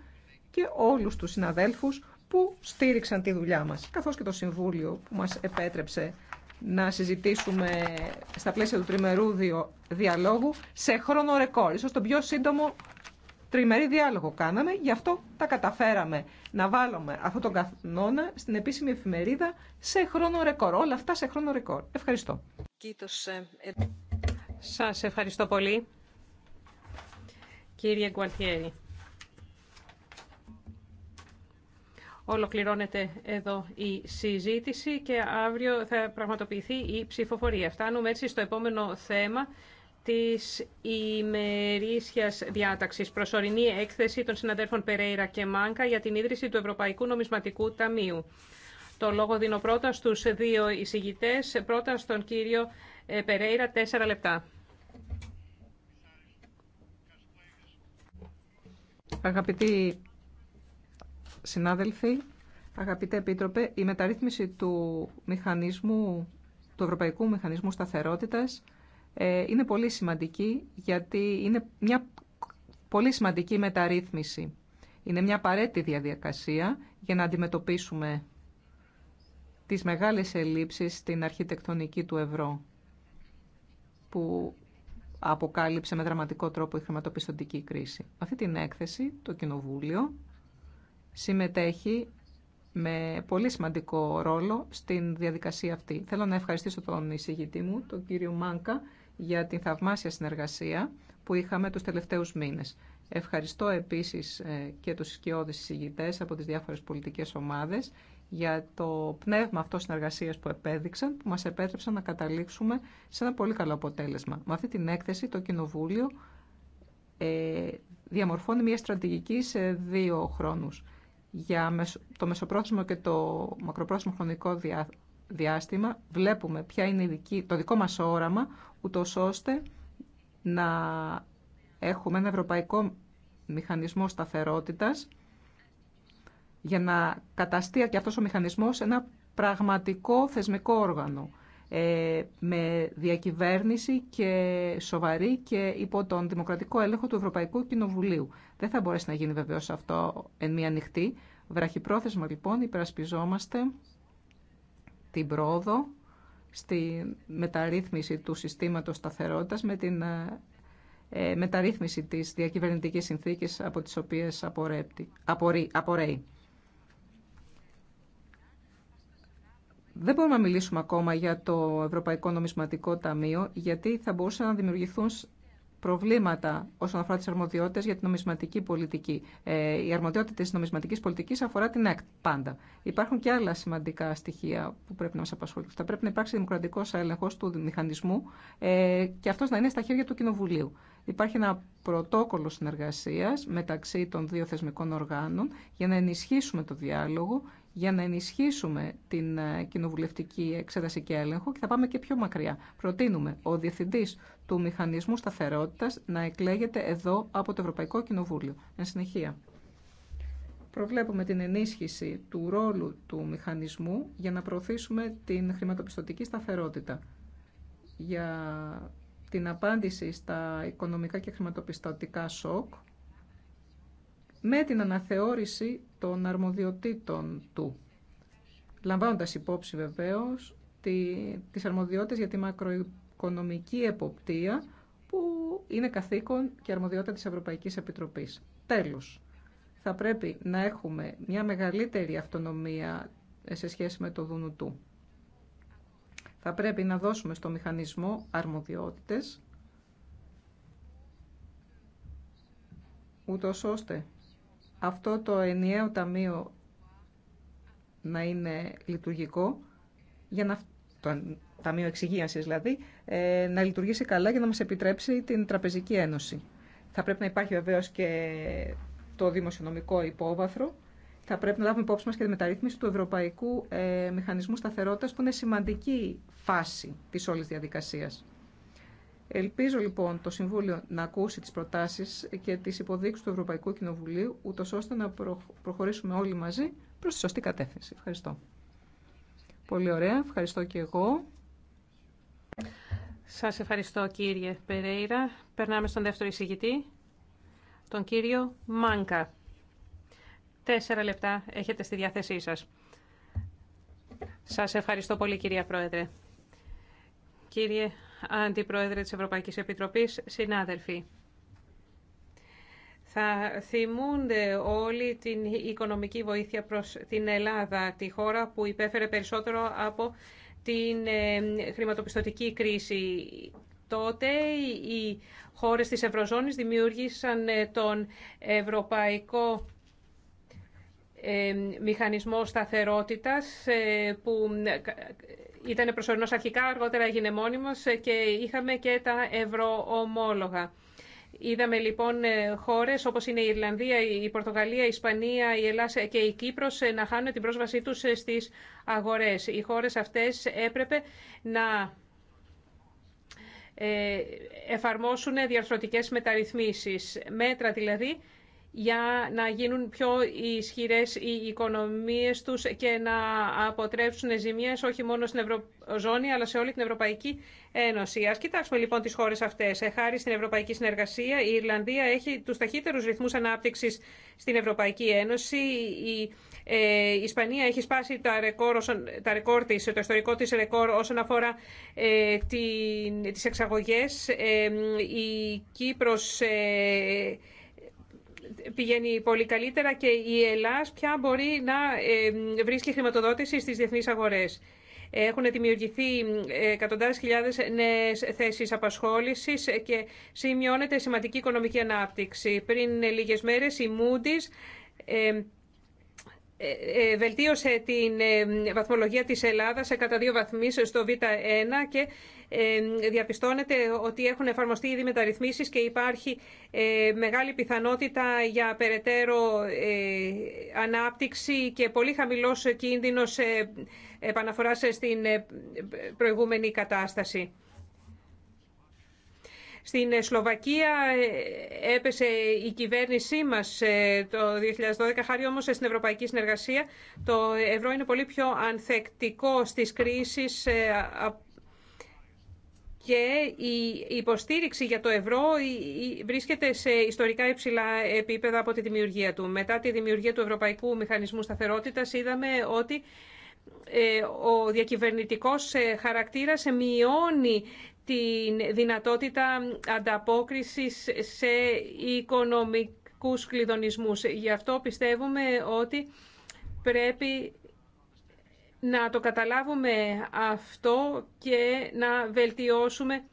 και όλους τους συναδέλφους που στήριξαν τη δουλειά μας, καθώς και το Συμβούλιο που μας επέτρεψε να συζητήσουμε στα πλαίσια του τριμερού διαλόγου σε χρόνο ρεκόρ, ίσως τον πιο σύντομο τριμερή διάλογο κάναμε, γι' αυτό τα καταφέραμε να βάλουμε αυτόν τον κανόνα στην επίσημη εφημερίδα σε χρόνο ρεκόρ. Όλα αυτά σε χρόνο ρεκόρ. Ευχαριστώ.
Ε, ε, Σας ευχαριστώ πολύ, κύριε Γκουαλτιέρη. Ολοκληρώνεται εδώ η συζήτηση και αύριο θα πραγματοποιηθεί η ψηφοφορία. Φτάνουμε έτσι στο επόμενο θέμα της ημερήσιας διάταξης. Προσωρινή έκθεση των συναδέλφων Περέιρα και Μάνκα για την ίδρυση του Ευρωπαϊκού Νομισματικού Ταμείου. Το λόγο δίνω πρώτα στους δύο εισηγητές. Πρώτα στον κύριο ε, Περέιρα, τέσσερα λεπτά.
Αγαπητοί συνάδελφοι, αγαπητέ επίτροπε, η μεταρρύθμιση του μηχανισμού του Ευρωπαϊκού Μηχανισμού Σταθερότητας ε, είναι πολύ σημαντική γιατί είναι μια πολύ σημαντική μεταρρύθμιση. Είναι μια απαραίτητη διαδικασία για να αντιμετωπίσουμε τις μεγάλες ελλείψεις στην αρχιτεκτονική του ευρώ που αποκάλυψε με δραματικό τρόπο η χρηματοπιστωτική κρίση. Αυτή την έκθεση το Κοινοβούλιο συμμετέχει με πολύ σημαντικό ρόλο στην διαδικασία αυτή. Θέλω να ευχαριστήσω τον εισηγητή μου, τον κύριο Μάνκα, για την θαυμάσια συνεργασία που είχαμε τους τελευταίους μήνες. Ευχαριστώ επίσης ε, και τους σκιώδεις συζητητές από τις διάφορες πολιτικές ομάδες για το πνεύμα αυτό συνεργασίας που επέδειξαν, που μας επέτρεψαν να καταλήξουμε σε ένα πολύ καλό αποτέλεσμα. Με αυτή την έκθεση το Κοινοβούλιο ε, διαμορφώνει μια στρατηγική σε δύο χρόνους για το μεσοπρόθεσμο και το μακροπρόθεσμο χρονικό διάστημα βλέπουμε ποια είναι το δικό μας όραμα, ούτω ώστε να έχουμε ένα ευρωπαϊκό μηχανισμό σταθερότητας για να καταστεί και αυτός ο μηχανισμός ένα πραγματικό θεσμικό όργανο ε, με διακυβέρνηση και σοβαρή και υπό τον δημοκρατικό έλεγχο του Ευρωπαϊκού Κοινοβουλίου. Δεν θα μπορέσει να γίνει βεβαίως αυτό εν μία νυχτή. Βραχυπρόθεσμα λοιπόν υπερασπιζόμαστε την πρόοδο στη μεταρρύθμιση του συστήματος σταθερότητας με την ε, ε μεταρρύθμιση της διακυβερνητικής συνθήκης από τις οποίες απορρέπτει, απορρεί, απορρέει. Δεν μπορούμε να μιλήσουμε ακόμα για το Ευρωπαϊκό Νομισματικό Ταμείο, γιατί θα μπορούσαν να δημιουργηθούν προβλήματα όσον αφορά τις αρμοδιότητες για την νομισματική πολιτική. Ε, η αρμοδιότητα της νομισματικής πολιτικής αφορά την ΕΚΤ πάντα. Υπάρχουν και άλλα σημαντικά στοιχεία που πρέπει να μας απασχολούν. Θα πρέπει να υπάρξει δημοκρατικός έλεγχος του μηχανισμού ε, και αυτός να είναι στα χέρια του Κοινοβουλίου. Υπάρχει ένα πρωτόκολλο συνεργασίας μεταξύ των δύο θεσμικών οργάνων για να ενισχύσουμε το διάλογο για να ενισχύσουμε την ε, κοινοβουλευτική εξέταση και έλεγχο και θα πάμε και πιο μακριά. Προτείνουμε ο Διευθυντή του Μηχανισμού Σταθερότητα να εκλέγεται εδώ από το Ευρωπαϊκό Κοινοβούλιο. Εν συνεχεία, προβλέπουμε την ενίσχυση του ρόλου του μηχανισμού για να προωθήσουμε την χρηματοπιστωτική σταθερότητα. Για την απάντηση στα οικονομικά και χρηματοπιστωτικά σοκ με την αναθεώρηση των αρμοδιοτήτων του, λαμβάνοντας υπόψη βεβαίως τη, τις αρμοδιότητες για τη μακροοικονομική εποπτεία που είναι καθήκον και αρμοδιότητα της Ευρωπαϊκής Επιτροπής. Τέλος, θα πρέπει να έχουμε μια μεγαλύτερη αυτονομία ε, σε σχέση με το του. Θα πρέπει να δώσουμε στο μηχανισμό αρμοδιότητες ούτως ώστε αυτό το ενιαίο ταμείο να είναι λειτουργικό, για να, το Ταμείο Εξυγίασης δηλαδή, ε, να λειτουργήσει καλά για να μας επιτρέψει την Τραπεζική Ένωση. Θα πρέπει να υπάρχει βεβαίω και το δημοσιονομικό υπόβαθρο. Θα πρέπει να λάβουμε υπόψη μας και τη μεταρρύθμιση του Ευρωπαϊκού ε, Μηχανισμού Σταθερότητας, που είναι σημαντική φάση της όλης διαδικασίας. Ελπίζω λοιπόν το Συμβούλιο να ακούσει τις προτάσεις και τις υποδείξεις του Ευρωπαϊκού Κοινοβουλίου, ούτω ώστε να προχωρήσουμε όλοι μαζί προς τη σωστή κατεύθυνση. Ευχαριστώ. Πολύ ωραία. Ευχαριστώ και εγώ.
Σας ευχαριστώ κύριε Περέιρα. Περνάμε στον δεύτερο εισηγητή, τον κύριο Μάνκα. Τέσσερα λεπτά έχετε στη διάθεσή σας. Σας ευχαριστώ πολύ κυρία Πρόεδρε. Κύριε Αντιπρόεδρε της Ευρωπαϊκής Επιτροπής, συνάδελφοι. Θα θυμούνται όλοι την οικονομική βοήθεια προς την Ελλάδα, τη χώρα που υπέφερε περισσότερο από την ε, χρηματοπιστωτική κρίση. Τότε οι χώρες της Ευρωζώνης δημιούργησαν ε, τον Ευρωπαϊκό ε, Μηχανισμό Σταθερότητας που ήταν προσωρινός αρχικά, αργότερα έγινε μόνιμος ε, και είχαμε και τα ευρωομόλογα. Είδαμε λοιπόν ε, χώρες όπως είναι η Ιρλανδία, η Πορτογαλία, η Ισπανία, η Ελλάδα ε, και η Κύπρος να χάνουν την πρόσβασή τους στις αγορές. Οι χώρες αυτές έπρεπε να εφαρμόσουν διαρθρωτικές μεταρρυθμίσεις, μέτρα δηλαδή για να γίνουν πιο ισχυρές οι οικονομίες τους και να αποτρέψουν ζημίες όχι μόνο στην Ευρωζώνη αλλά σε όλη την Ευρωπαϊκή Ένωση. Ας κοιτάξουμε λοιπόν τις χώρες αυτές. Ε, χάρη στην Ευρωπαϊκή Συνεργασία η Ιρλανδία έχει τους ταχύτερους ρυθμούς ανάπτυξης στην Ευρωπαϊκή Ένωση. Η ε, Ισπανία έχει σπάσει τα ρεκόρ, τα το ιστορικό της ρεκόρ όσον αφορά ε, την, τις εξαγωγές. Ε, η Κύπρος πηγαίνει πολύ καλύτερα και η Ελλάς πια μπορεί να βρίσκει χρηματοδότηση στις διεθνείς αγορές. Έχουν δημιουργηθεί ε, εκατοντάδες χιλιάδες νέες θέσεις απασχόλησης και σημειώνεται σημαντική οικονομική ανάπτυξη. Πριν λίγες μέρες η Moody's ε, ε, βελτίωσε την ε, βαθμολογία της Ελλάδας σε κατά δύο βαθμίσεις στο Β1 και διαπιστώνεται ότι έχουν εφαρμοστεί ήδη μεταρρυθμίσεις και υπάρχει μεγάλη πιθανότητα για περαιτέρω ανάπτυξη και πολύ χαμηλός κίνδυνος επαναφοράς στην προηγούμενη κατάσταση. Στην Σλοβακία ε, έπεσε η κυβέρνησή μας ε, το 2012, χάρη όμως ε, στην ευρωπαϊκή συνεργασία. Το ευρώ είναι πολύ πιο ανθεκτικό στις κρίσεις και η υποστήριξη για το ευρώ βρίσκεται σε ιστορικά υψηλά επίπεδα από τη δημιουργία του. Μετά τη δημιουργία του Ευρωπαϊκού Μηχανισμού Σταθερότητας είδαμε ότι ε, ο διακυβερνητικός ε, χαρακτήρας μειώνει τη δυνατότητα ανταπόκρισης σε οικονομικούς κλειδονισμούς. Γι' αυτό πιστεύουμε ότι πρέπει να το καταλάβουμε αυτό και να βελτιώσουμε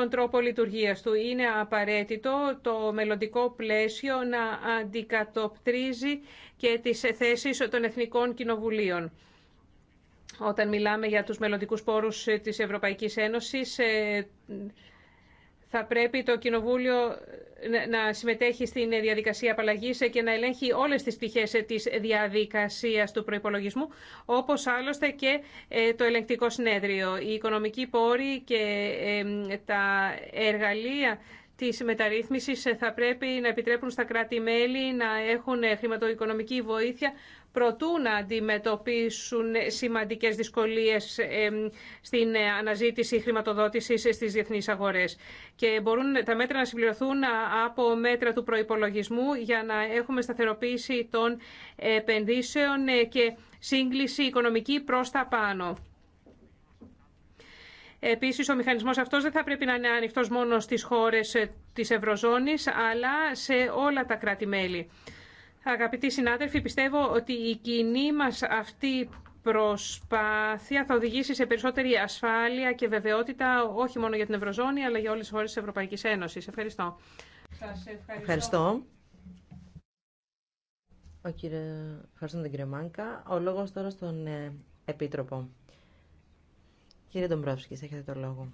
τον τρόπο λειτουργίας του. Είναι απαραίτητο το μελλοντικό πλαίσιο να αντικατοπτρίζει και τις θέσεις των Εθνικών Κοινοβουλίων. Όταν μιλάμε για τους μελλοντικούς πόρους της Ευρωπαϊκής Ένωσης, ε, θα πρέπει το Κοινοβούλιο να συμμετέχει στην διαδικασία απαλλαγή και να ελέγχει όλες τις πτυχές ε, της διαδικασίας του προϋπολογισμού, όπως άλλωστε και ε, το ελεγκτικό συνέδριο. Οι οικονομικοί πόροι και ε, τα εργαλεία της μεταρρύθμισης ε, θα πρέπει να επιτρέπουν στα κράτη-μέλη να έχουν ε, χρηματοοικονομική βοήθεια προτού να αντιμετωπίσουν ε, σημαντικές δυσκολίες στην αναζήτηση χρηματοδότησης στις διεθνείς αγορές. Και μπορούν τα μέτρα να συμπληρωθούν από μέτρα του προϋπολογισμού για να έχουμε σταθεροποίηση των επενδύσεων και σύγκληση οικονομική προς τα πάνω. Επίσης, ο μηχανισμός αυτός δεν θα πρέπει να είναι ανοιχτό μόνο στι χώρες ε, της Ευρωζώνης, αλλά σε όλα τα κράτη-μέλη. Αγαπητοί συνάδελφοι, πιστεύω ότι η κοινή μα αυτή προσπάθεια θα οδηγήσει σε περισσότερη ασφάλεια και βεβαιότητα όχι μόνο για την Ευρωζώνη, αλλά για όλες τις χώρες της Ευρωπαϊκής Ένωσης. Ευχαριστώ. Σας ευχαριστώ.
ευχαριστώ. τον κύριο Μάνκα. Ο λόγος τώρα στον ε, Επίτροπο. Κύριε Ντομπρόφσκης, έχετε το λόγο.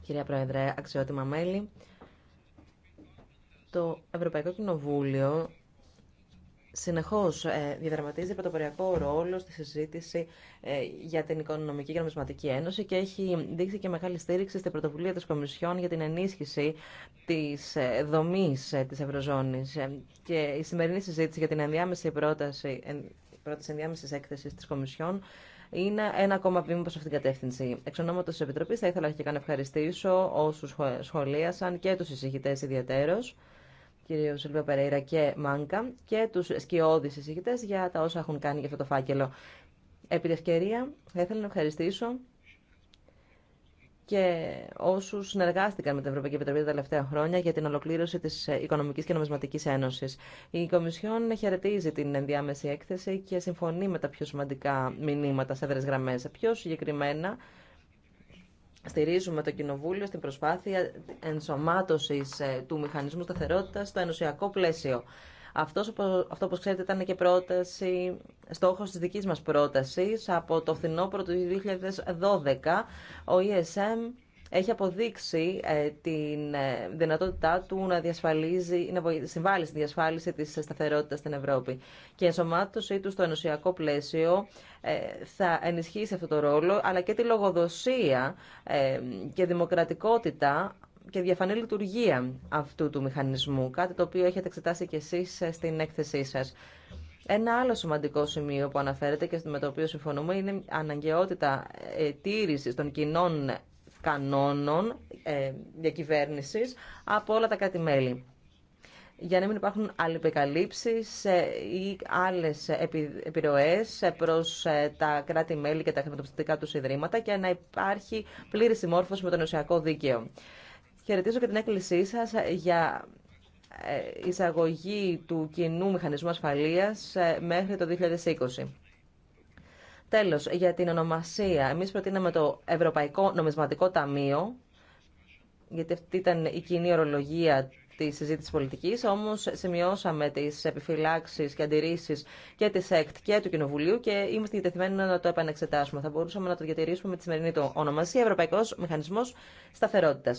Κυρία Πρόεδρε, αξιότιμα μέλη, το Ευρωπαϊκό Κοινοβούλιο συνεχώς ε, διαδραματίζει πρωτοποριακό ρόλο στη συζήτηση ε, για την Οικονομική και Νομισματική Ένωση και έχει δείξει και μεγάλη στήριξη στην πρωτοβουλία της Κομισιόν για την ενίσχυση της ε, δομής της Ευρωζώνης. Και η σημερινή συζήτηση για την ενδιάμεση πρόταση, πρόταση ενδιάμεσης έκθεσης της Κομισιόν είναι ένα ακόμα βήμα προ αυτήν την κατεύθυνση. Εξ ονόματο τη Επιτροπή, θα ήθελα και να ευχαριστήσω όσου σχολίασαν και του συζητητέ ιδιαίτερω, κ. Σιλβία Περέιρα και Μάνκα, και του σκιώδει συζητητέ για τα όσα έχουν κάνει για αυτό το φάκελο. Επί ευκαιρία, θα ήθελα να ευχαριστήσω και όσου συνεργάστηκαν με την Ευρωπαϊκή Επιτροπή τα τελευταία χρόνια για την ολοκλήρωση τη Οικονομική και Νομισματική Ένωση. Η Κομισιόν χαιρετίζει την ενδιάμεση έκθεση και συμφωνεί με τα πιο σημαντικά μηνύματα σε έδρε γραμμέ. Πιο συγκεκριμένα, στηρίζουμε το Κοινοβούλιο στην προσπάθεια ενσωμάτωση ε, του μηχανισμού σταθερότητα στο ενωσιακό πλαίσιο αυτό όπως ξέρετε ήταν και πρόταση, στόχος της δικής μας πρότασης από το φθινόπωρο του 2012. Ο ESM έχει αποδείξει ε, την ε, δυνατότητά του να, διασφαλίζει, να συμβάλλει στη διασφάλιση της σταθερότητας στην Ευρώπη. Και η ενσωμάτωσή του στο ενωσιακό πλαίσιο ε, θα ενισχύσει αυτό το ρόλο, αλλά και τη λογοδοσία και δημοκρατικότητα και διαφανή λειτουργία αυτού του μηχανισμού, κάτι το οποίο έχετε εξετάσει και εσείς ε, στην έκθεσή σας. Ένα άλλο σημαντικό σημείο που αναφέρετε και με το οποίο συμφωνούμε είναι η αναγκαιότητα ε, τήρησης των κοινών κανόνων ε, διακυβέρνησης από όλα τα κράτη-μέλη για να μην υπάρχουν αλληλεπικαλύψεις ή άλλες επιρροές προς τα κράτη-μέλη και τα χρηματοπιστωτικά του ιδρύματα και να υπάρχει πλήρη συμμόρφωση με τον ουσιακό δίκαιο. Χαιρετίζω και την έκκλησή σα ε, για ε, εισαγωγή του κοινού μηχανισμού ασφαλείας ε, μέχρι το 2020. Τέλος, για την ονομασία. Εμείς προτείναμε το Ευρωπαϊκό Νομισματικό Ταμείο, γιατί αυτή ήταν η κοινή ορολογία τη συζήτηση πολιτική. Όμω σημειώσαμε τι επιφυλάξει και αντιρρήσει και τη ΕΚΤ και του Κοινοβουλίου και είμαστε διατεθειμένοι να το επανεξετάσουμε. Θα μπορούσαμε να το διατηρήσουμε με τη σημερινή του ονομασία Ευρωπαϊκό Μηχανισμό Σταθερότητα.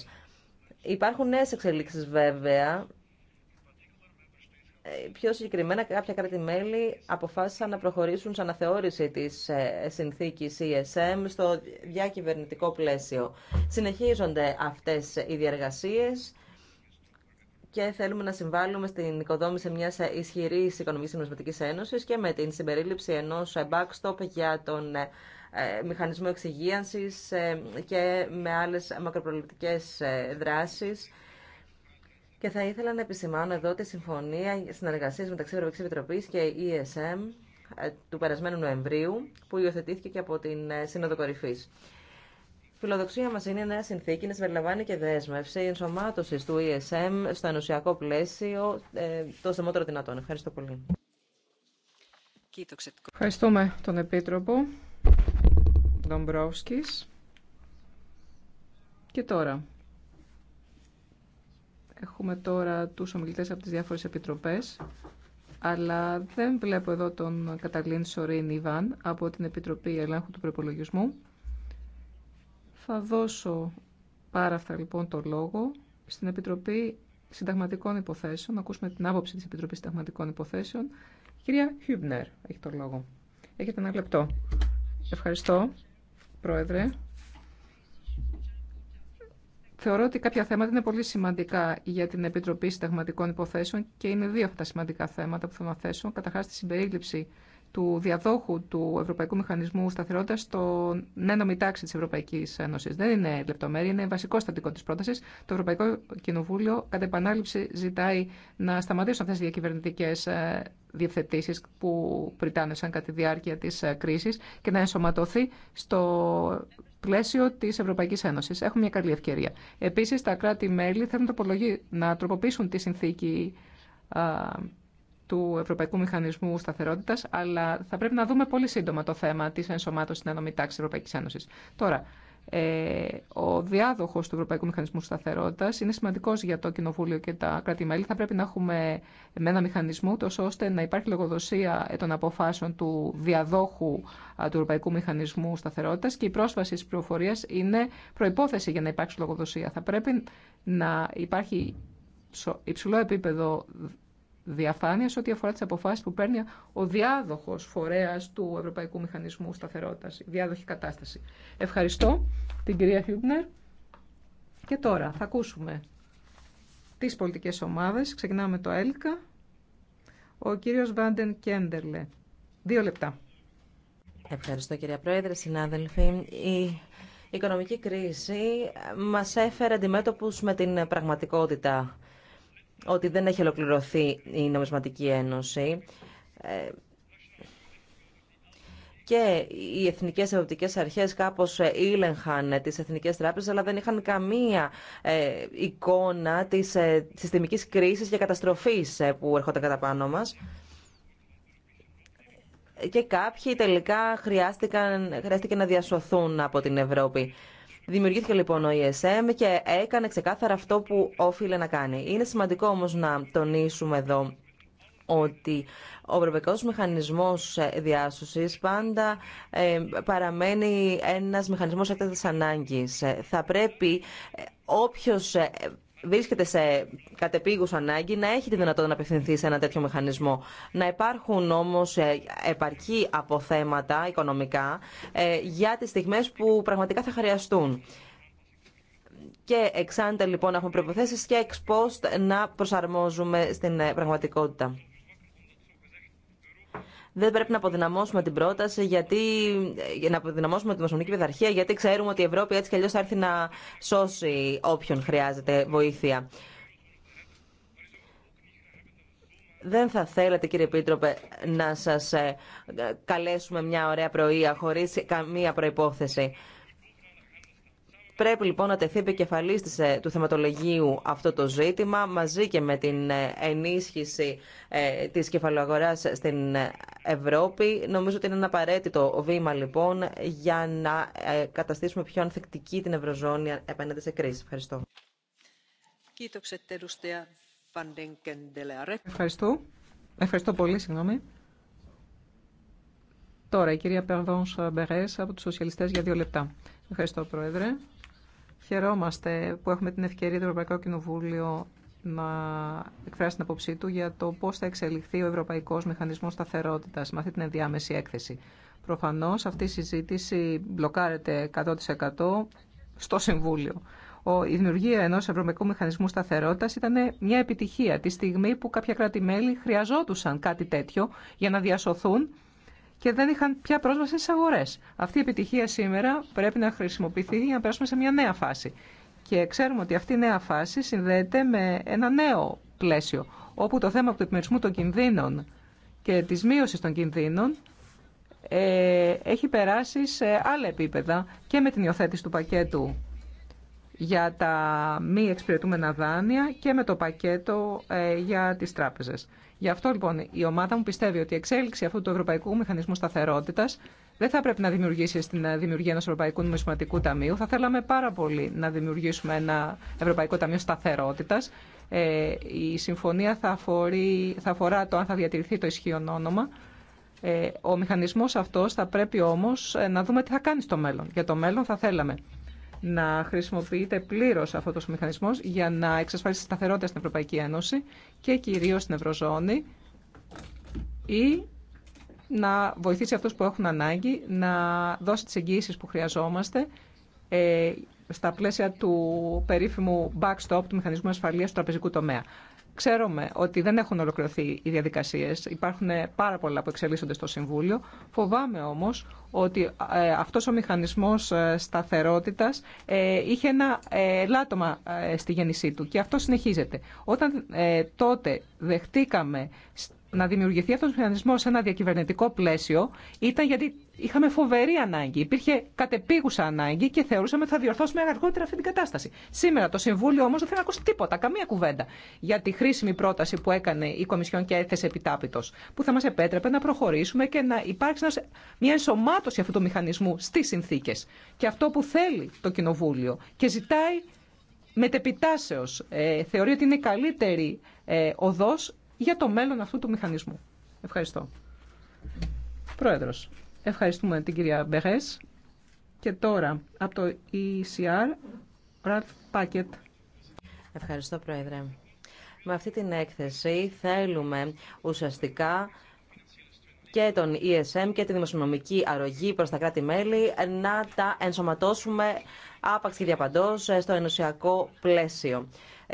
Υπάρχουν νέες εξελίξεις βέβαια. Ε, πιο συγκεκριμένα κάποια κράτη-μέλη αποφάσισαν να προχωρήσουν σε αναθεώρηση της ε, συνθήκης ESM στο διακυβερνητικό πλαίσιο. Συνεχίζονται αυτές οι διεργασίες και θέλουμε να συμβάλλουμε στην οικοδόμηση μια ισχυρή οικονομική και ένωση και με την συμπερίληψη ενό backstop για τον ε, ε, μηχανισμού εξυγίανσης ε, και με άλλες μακροπροληπτικές ε, δράσεις. Και θα ήθελα να επισημάνω εδώ τη συμφωνία συνεργασίας μεταξύ Ευρωπαϊκής Επιτροπής και ESM του περασμένου Νοεμβρίου, που υιοθετήθηκε και από την Σύνοδο Κορυφής. Φιλοδοξία μα είναι η νέα συνθήκη να συμπεριλαμβάνει και δέσμευση ενσωμάτωση του ESM στο ενωσιακό πλαίσιο το σεμότερο δυνατόν. Ευχαριστώ πολύ.
Ευχαριστούμε τον Επίτροπο. Και τώρα. Έχουμε τώρα τους ομιλητές από τις διάφορες επιτροπές, αλλά δεν βλέπω εδώ τον Καταλήν Σορίν Ιβάν από την Επιτροπή Ελέγχου του Προπολογισμού. Θα δώσω πάρα αυτά λοιπόν το λόγο στην Επιτροπή Συνταγματικών Υποθέσεων, να ακούσουμε την άποψη της Επιτροπής Συνταγματικών Υποθέσεων. κυρία Χιούμπνερ έχει το λόγο. Έχετε ένα λεπτό. Ευχαριστώ. Πρόεδρε. Θεωρώ ότι κάποια θέματα είναι πολύ σημαντικά για την Επιτροπή Συνταγματικών Υποθέσεων και είναι δύο αυτά τα σημαντικά θέματα που θα να θέσω. Καταρχά, τη συμπερίληψη του διαδόχου του Ευρωπαϊκού Μηχανισμού Σταθερότητα στο νέο τάξη τη Ευρωπαϊκή Ένωση. Δεν είναι λεπτομέρεια, είναι βασικό στατικό τη πρόταση. Το Ευρωπαϊκό Κοινοβούλιο κατά επανάληψη ζητάει να σταματήσουν αυτέ τι διακυβερνητικέ ε, διευθετήσει που πριτάνεσαν κατά τη διάρκεια τη ε, κρίση και να ενσωματωθεί στο πλαίσιο τη Ευρωπαϊκή Ένωση. Έχουμε μια καλή ευκαιρία. Επίση, τα κράτη-μέλη θέλουν να τροποποιήσουν τη συνθήκη ε, του Ευρωπαϊκού Μηχανισμού Σταθερότητα, αλλά θα πρέπει να δούμε πολύ σύντομα το θέμα τη ενσωμάτωση στην ανομή τάξη Ευρωπαϊκή Ένωση. Τώρα, ε, ο διάδοχο του Ευρωπαϊκού Μηχανισμού Σταθερότητα είναι σημαντικό για το Κοινοβούλιο και τα κράτη-μέλη. Θα πρέπει να έχουμε με ένα μηχανισμό, τόσο ώστε να υπάρχει λογοδοσία των αποφάσεων του διαδόχου του Ευρωπαϊκού Μηχανισμού Σταθερότητα και η πρόσβαση τη πληροφορία είναι προπόθεση για να υπάρξει λογοδοσία. Θα πρέπει να υπάρχει υψηλό επίπεδο σε ό,τι αφορά τι αποφάσεις που παίρνει ο διάδοχο φορέα του Ευρωπαϊκού Μηχανισμού Σταθερότητα, η διάδοχη κατάσταση. Ευχαριστώ την κυρία Χιούμπνερ. Και τώρα θα ακούσουμε τις πολιτικές ομάδες. Ξεκινάμε το ΕΛΚΑ. Ο κύριος Βάντεν Κέντερλε. Δύο λεπτά.
Ευχαριστώ κυρία Πρόεδρε, συνάδελφοι. Η οικονομική κρίση μας έφερε αντιμέτωπους με την πραγματικότητα ότι δεν έχει ολοκληρωθεί η Νομισματική Ένωση ε, και οι εθνικές ευρωπαϊκές αρχές κάπως ε, ήλεγχαν ε, τις εθνικές τράπεζες αλλά δεν είχαν καμία εικόνα της συστημικής κρίσης και καταστροφής που ερχόταν κατά πάνω μας. Και κάποιοι τελικά χρειάστηκαν, χρειάστηκε να διασωθούν από την Ευρώπη. Δημιουργήθηκε λοιπόν ο ESM και έκανε ξεκάθαρα αυτό που όφιλε να κάνει. Είναι σημαντικό όμως να τονίσουμε εδώ ότι ο Ευρωπαϊκό Μηχανισμός Διάσωσης πάντα ε, παραμένει ένας μηχανισμός έκτακτης ανάγκης. Θα πρέπει ε, όποιος ε, βρίσκεται σε κατεπίγουσα ανάγκη να έχει τη δυνατότητα να απευθυνθεί σε ένα τέτοιο μηχανισμό. Να υπάρχουν όμως ε, επαρκή αποθέματα οικονομικά ε, για τις στιγμές που πραγματικά θα χρειαστούν. Και εξάντε λοιπόν έχουμε προϋποθέσεις και εξ να προσαρμόζουμε στην ε, πραγματικότητα δεν πρέπει να αποδυναμώσουμε την πρόταση, γιατί, ε, να αποδυναμώσουμε τη δημοσιονομική πειθαρχία, γιατί ξέρουμε ότι η Ευρώπη έτσι κι αλλιώ θα έρθει να σώσει όποιον χρειάζεται βοήθεια. Δεν θα θέλατε, κύριε Πίτροπε, να σας ε, καλέσουμε μια ωραία πρωία χωρίς καμία προϋπόθεση. Πρέπει λοιπόν να τεθεί επικεφαλή ε, του θεματολογίου αυτό το ζήτημα, μαζί και με την ε, ενίσχυση ε, τη κεφαλοαγοράς στην Ευρώπη. Νομίζω ότι είναι ένα απαραίτητο βήμα λοιπόν για να καταστήσουμε πιο ανθεκτική την Ευρωζώνη επέναντι σε
κρίση. Ευχαριστώ. Ευχαριστώ. Ευχαριστώ πολύ, συγγνώμη. Τώρα η κυρία Περδόν Μπερές από τους Σοσιαλιστές για δύο λεπτά. Ευχαριστώ, Πρόεδρε. Χαιρόμαστε που έχουμε την ευκαιρία του Ευρωπαϊκού Κοινοβούλιο να εκφράσει την απόψη του για το πώς θα εξελιχθεί ο Ευρωπαϊκός Μηχανισμός Σταθερότητας με αυτή την ενδιάμεση έκθεση. Προφανώς αυτή η συζήτηση μπλοκάρεται 100% στο Συμβούλιο. Η δημιουργία ενός Ευρωπαϊκού Μηχανισμού Σταθερότητας ήταν μια επιτυχία τη στιγμή που κάποια κράτη-μέλη χρειαζόντουσαν κάτι τέτοιο για να διασωθούν και δεν είχαν πια πρόσβαση στι αγορέ. Αυτή η επιτυχία σήμερα πρέπει να χρησιμοποιηθεί για να περάσουμε σε μια νέα φάση. Και ξέρουμε ότι αυτή η νέα φάση συνδέεται με ένα νέο πλαίσιο, όπου το θέμα του επιμερισμού των κινδύνων και της μείωσης των κινδύνων ε, έχει περάσει σε άλλα επίπεδα και με την υιοθέτηση του πακέτου για τα μη εξυπηρετούμενα δάνεια και με το πακέτο ε, για τις τράπεζες. Γι' αυτό λοιπόν η ομάδα μου πιστεύει ότι η εξέλιξη αυτού του Ευρωπαϊκού Μηχανισμού Σταθερότητα δεν θα πρέπει να δημιουργήσει στην ε, δημιουργία ενό Ευρωπαϊκού Νομισματικού Ταμείου. Θα θέλαμε πάρα πολύ να δημιουργήσουμε ένα Ευρωπαϊκό Ταμείο Σταθερότητα. Ε, η συμφωνία θα, αφορεί, θα αφορά το αν θα διατηρηθεί το ισχύον όνομα. Ε, ο μηχανισμό αυτό θα πρέπει όμω ε, να δούμε τι θα κάνει στο μέλλον. Για το μέλλον θα θέλαμε να χρησιμοποιείται πλήρως αυτό ο μηχανισμό για να εξασφαλίσει σταθερότητα στην Ευρωπαϊκή Ένωση και κυρίω στην Ευρωζώνη ή να βοηθήσει αυτούς που έχουν ανάγκη να δώσει τις εγγύησεις που χρειαζόμαστε ε, στα πλαίσια του περίφημου backstop, του μηχανισμού ασφαλείας του τραπεζικού τομέα. Ξέρουμε ότι δεν έχουν ολοκληρωθεί οι διαδικασίε. Υπάρχουν πάρα πολλά που εξελίσσονται στο Συμβούλιο. Φοβάμαι όμω ότι ε, αυτό ο μηχανισμό ε, σταθερότητα ε, είχε ένα λάτωμα στη γέννησή του και αυτό συνεχίζεται. Όταν τότε δεχτήκαμε να δημιουργηθεί αυτό ο μηχανισμό σε ένα διακυβερνητικό πλαίσιο ήταν γιατί είχαμε φοβερή ανάγκη. Υπήρχε κατεπίγουσα ανάγκη και θεωρούσαμε ότι θα διορθώσουμε αργότερα αυτή την κατάσταση. Σήμερα το Συμβούλιο όμως δεν θέλει να ακούσει τίποτα, καμία κουβέντα για τη χρήσιμη πρόταση που έκανε η Κομισιόν και έθεσε επιτάπητος, που θα μας επέτρεπε να προχωρήσουμε και να υπάρξει μια ενσωμάτωση αυτού του μηχανισμού στις συνθήκες. Και αυτό που θέλει το Κοινοβούλιο και ζητάει μετεπιτάσεως, ε, θεωρεί ότι είναι καλύτερη ε, οδός για το μέλλον αυτού του μηχανισμού. Ευχαριστώ. Πρόεδρος, ευχαριστούμε την κυρία Μπεχές. Και τώρα από το ECR, Ραρτ Πάκετ.
Ευχαριστώ, Πρόεδρε. Με αυτή την έκθεση θέλουμε ουσιαστικά και τον ESM και τη δημοσιονομική αρρωγή προς τα κράτη-μέλη να τα ενσωματώσουμε άπαξ και διαπαντός στο ενωσιακό πλαίσιο.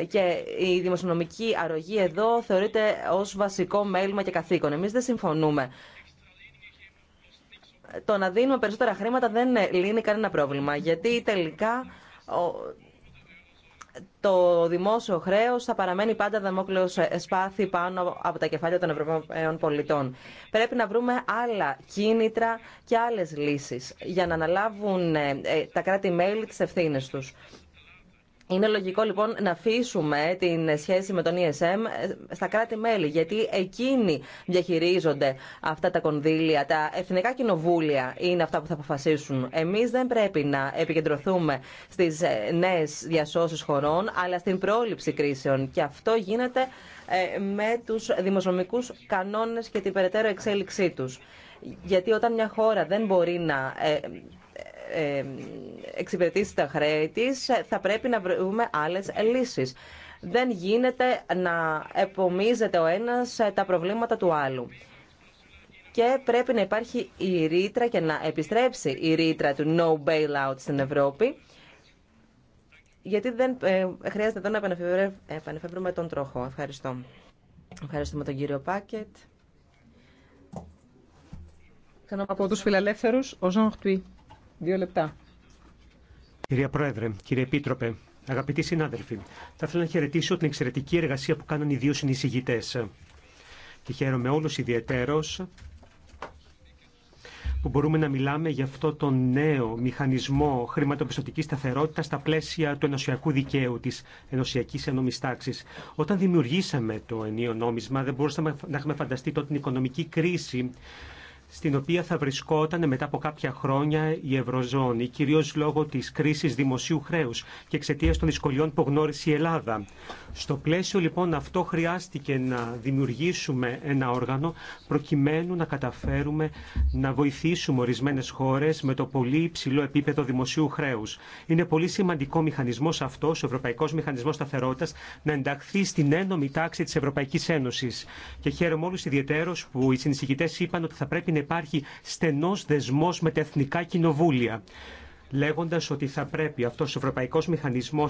Και η δημοσιονομική αρρωγή εδώ θεωρείται ως βασικό μέλημα και καθήκον. Εμείς δεν συμφωνούμε. Το να δίνουμε περισσότερα χρήματα δεν λύνει κανένα πρόβλημα, γιατί τελικά το δημόσιο χρέο θα παραμένει πάντα δαμόκλειο σπάθη πάνω από τα κεφάλια των Ευρωπαίων πολιτών. Πρέπει να βρούμε άλλα κίνητρα και άλλε λύσει για να αναλάβουν ε, τα κράτη-μέλη τι ευθύνε του. Είναι λογικό λοιπόν να αφήσουμε την σχέση με τον ESM ε, στα κράτη-μέλη, γιατί εκείνοι διαχειρίζονται αυτά τα κονδύλια. Τα εθνικά κοινοβούλια είναι αυτά που θα αποφασίσουν. Εμείς δεν πρέπει να επικεντρωθούμε στις ε, νέες διασώσεις χωρών, αλλά στην πρόληψη κρίσεων. Και αυτό γίνεται ε, με τους δημοσιονομικούς κανόνες και την περαιτέρω εξέλιξή τους. Γιατί όταν μια χώρα δεν μπορεί να εξυπηρετήσει τα χρέη τη, θα πρέπει να βρούμε άλλες λύσεις. Δεν γίνεται να επομίζεται ο ένας τα προβλήματα του άλλου. Και πρέπει να υπάρχει η ρήτρα και να επιστρέψει η ρήτρα του no bailout στην Ευρώπη, γιατί δεν ε, χρειάζεται εδώ να επανεφεύρουμε τον τροχό. Ευχαριστώ. Ευχαριστούμε
τον κύριο Πάκετ. Από τους φιλελεύθερους, ο Δύο
Κυρία Πρόεδρε, κύριε Επίτροπε, αγαπητοί συνάδελφοι, θα ήθελα να χαιρετήσω την εξαιρετική εργασία που κάνουν οι δύο συνεισηγητέ. Και χαίρομαι όλου ιδιαίτερω που μπορούμε να μιλάμε για αυτό το νέο μηχανισμό χρηματοπιστωτική σταθερότητα στα πλαίσια του ενωσιακού δικαίου, τη ενωσιακή ενόμη τάξη. Όταν δημιουργήσαμε το ενίο νόμισμα, δεν μπορούσαμε να έχουμε φανταστεί τότε την οικονομική κρίση στην οποία θα βρισκόταν μετά από κάποια χρόνια η Ευρωζώνη, κυρίω λόγω τη κρίση δημοσίου χρέου και εξαιτία των δυσκολιών που γνώρισε η Ελλάδα. Στο πλαίσιο λοιπόν αυτό χρειάστηκε να δημιουργήσουμε ένα όργανο προκειμένου να καταφέρουμε να βοηθήσουμε ορισμένε χώρε με το πολύ υψηλό επίπεδο δημοσίου χρέους. Είναι πολύ σημαντικό μηχανισμό αυτό, ο ευρωπαϊκό μηχανισμό Σταθερότητα να ενταχθεί στην ένωμη τάξη τη Ευρωπαϊκή Ένωση. Και χαίρομαι όλου ιδιαίτερω που οι συνεισηγητέ είπαν ότι θα πρέπει να υπάρχει στενός δεσμός με τα εθνικά κοινοβούλια λέγοντα ότι θα πρέπει αυτό ο ευρωπαϊκό μηχανισμό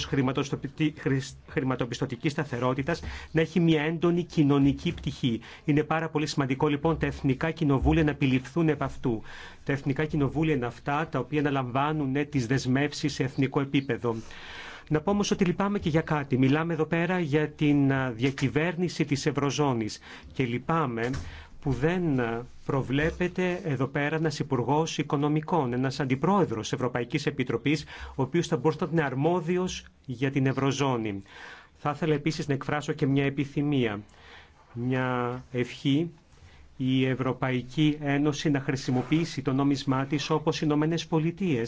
χρηματοπιστωτική σταθερότητα να έχει μια έντονη κοινωνική πτυχή. Είναι πάρα πολύ σημαντικό λοιπόν τα εθνικά κοινοβούλια να επιληφθούν επ' αυτού. Τα εθνικά κοινοβούλια είναι αυτά τα οποία αναλαμβάνουν ναι, τι δεσμεύσει σε εθνικό επίπεδο. Να πω όμω ότι λυπάμαι και για κάτι. Μιλάμε εδώ πέρα για την διακυβέρνηση τη Ευρωζώνη και λυπάμαι που δεν προβλέπεται εδώ πέρα ένα υπουργό οικονομικών, ένα αντιπρόεδρο Ευρωπαϊκή Επιτροπή, ο οποίο θα μπορούσε να είναι αρμόδιο για την Ευρωζώνη. Θα ήθελα επίση να εκφράσω και μια επιθυμία, μια ευχή η Ευρωπαϊκή Ένωση να χρησιμοποιήσει το νόμισμά της όπως οι Ηνωμένε Πολιτείε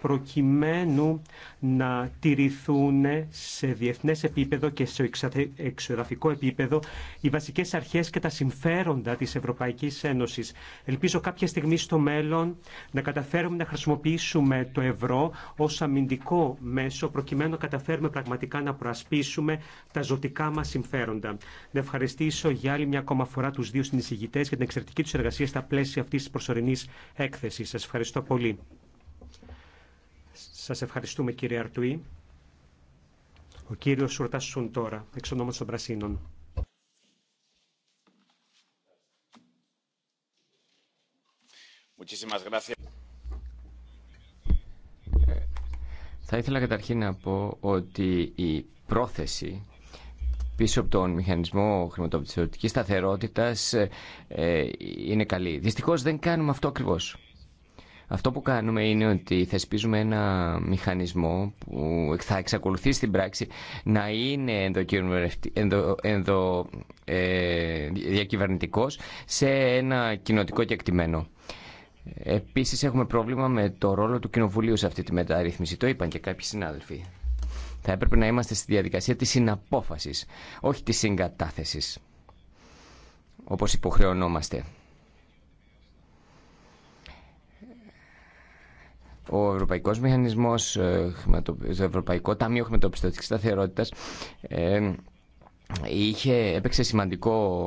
προκειμένου να τηρηθούν σε διεθνές επίπεδο και σε εξωγραφικό επίπεδο οι βασικές αρχές και τα συμφέροντα της Ευρωπαϊκής Ένωσης. Ελπίζω κάποια στιγμή στο μέλλον να καταφέρουμε να χρησιμοποιήσουμε το ευρώ ως αμυντικό μέσο προκειμένου να καταφέρουμε πραγματικά να προασπίσουμε τα ζωτικά μας συμφέροντα. Να ευχαριστήσω για άλλη μια ακόμα φορά τους δύο συνεισηγητές για την εξαιρετική τους εργασία στα πλαίσια αυτής της προσωρινής έκθεσης. Σας ευχαριστώ πολύ. Σας ευχαριστούμε κύριε Αρτουή. Ο κύριος Σουρτάσουν τώρα, εξ ονόματος των Πρασίνων. Θα ήθελα καταρχήν να πω
ότι η πρόθεση πίσω από τον μηχανισμό χρηματοπιστωτικής σταθερότητας ε, ε, είναι καλή. Δυστυχώς δεν κάνουμε αυτό ακριβώς. Αυτό που κάνουμε είναι ότι θεσπίζουμε ένα μηχανισμό που θα εξακολουθεί στην πράξη να είναι ενδο, ενδο, ε, σε ένα κοινοτικό κεκτημένο. Επίσης έχουμε πρόβλημα με το ρόλο του Κοινοβουλίου σε αυτή τη μεταρρύθμιση. Το είπαν και κάποιοι συνάδελφοι. Θα έπρεπε να είμαστε στη διαδικασία της συναπόφασης, όχι της συγκατάθεσης, όπως υποχρεωνόμαστε. ο Ευρωπαϊκός Μηχανισμός, ε, το Ευρωπαϊκό Ταμείο Χρηματοπιστωτικής Σταθερότητας ε, είχε, έπαιξε σημαντικό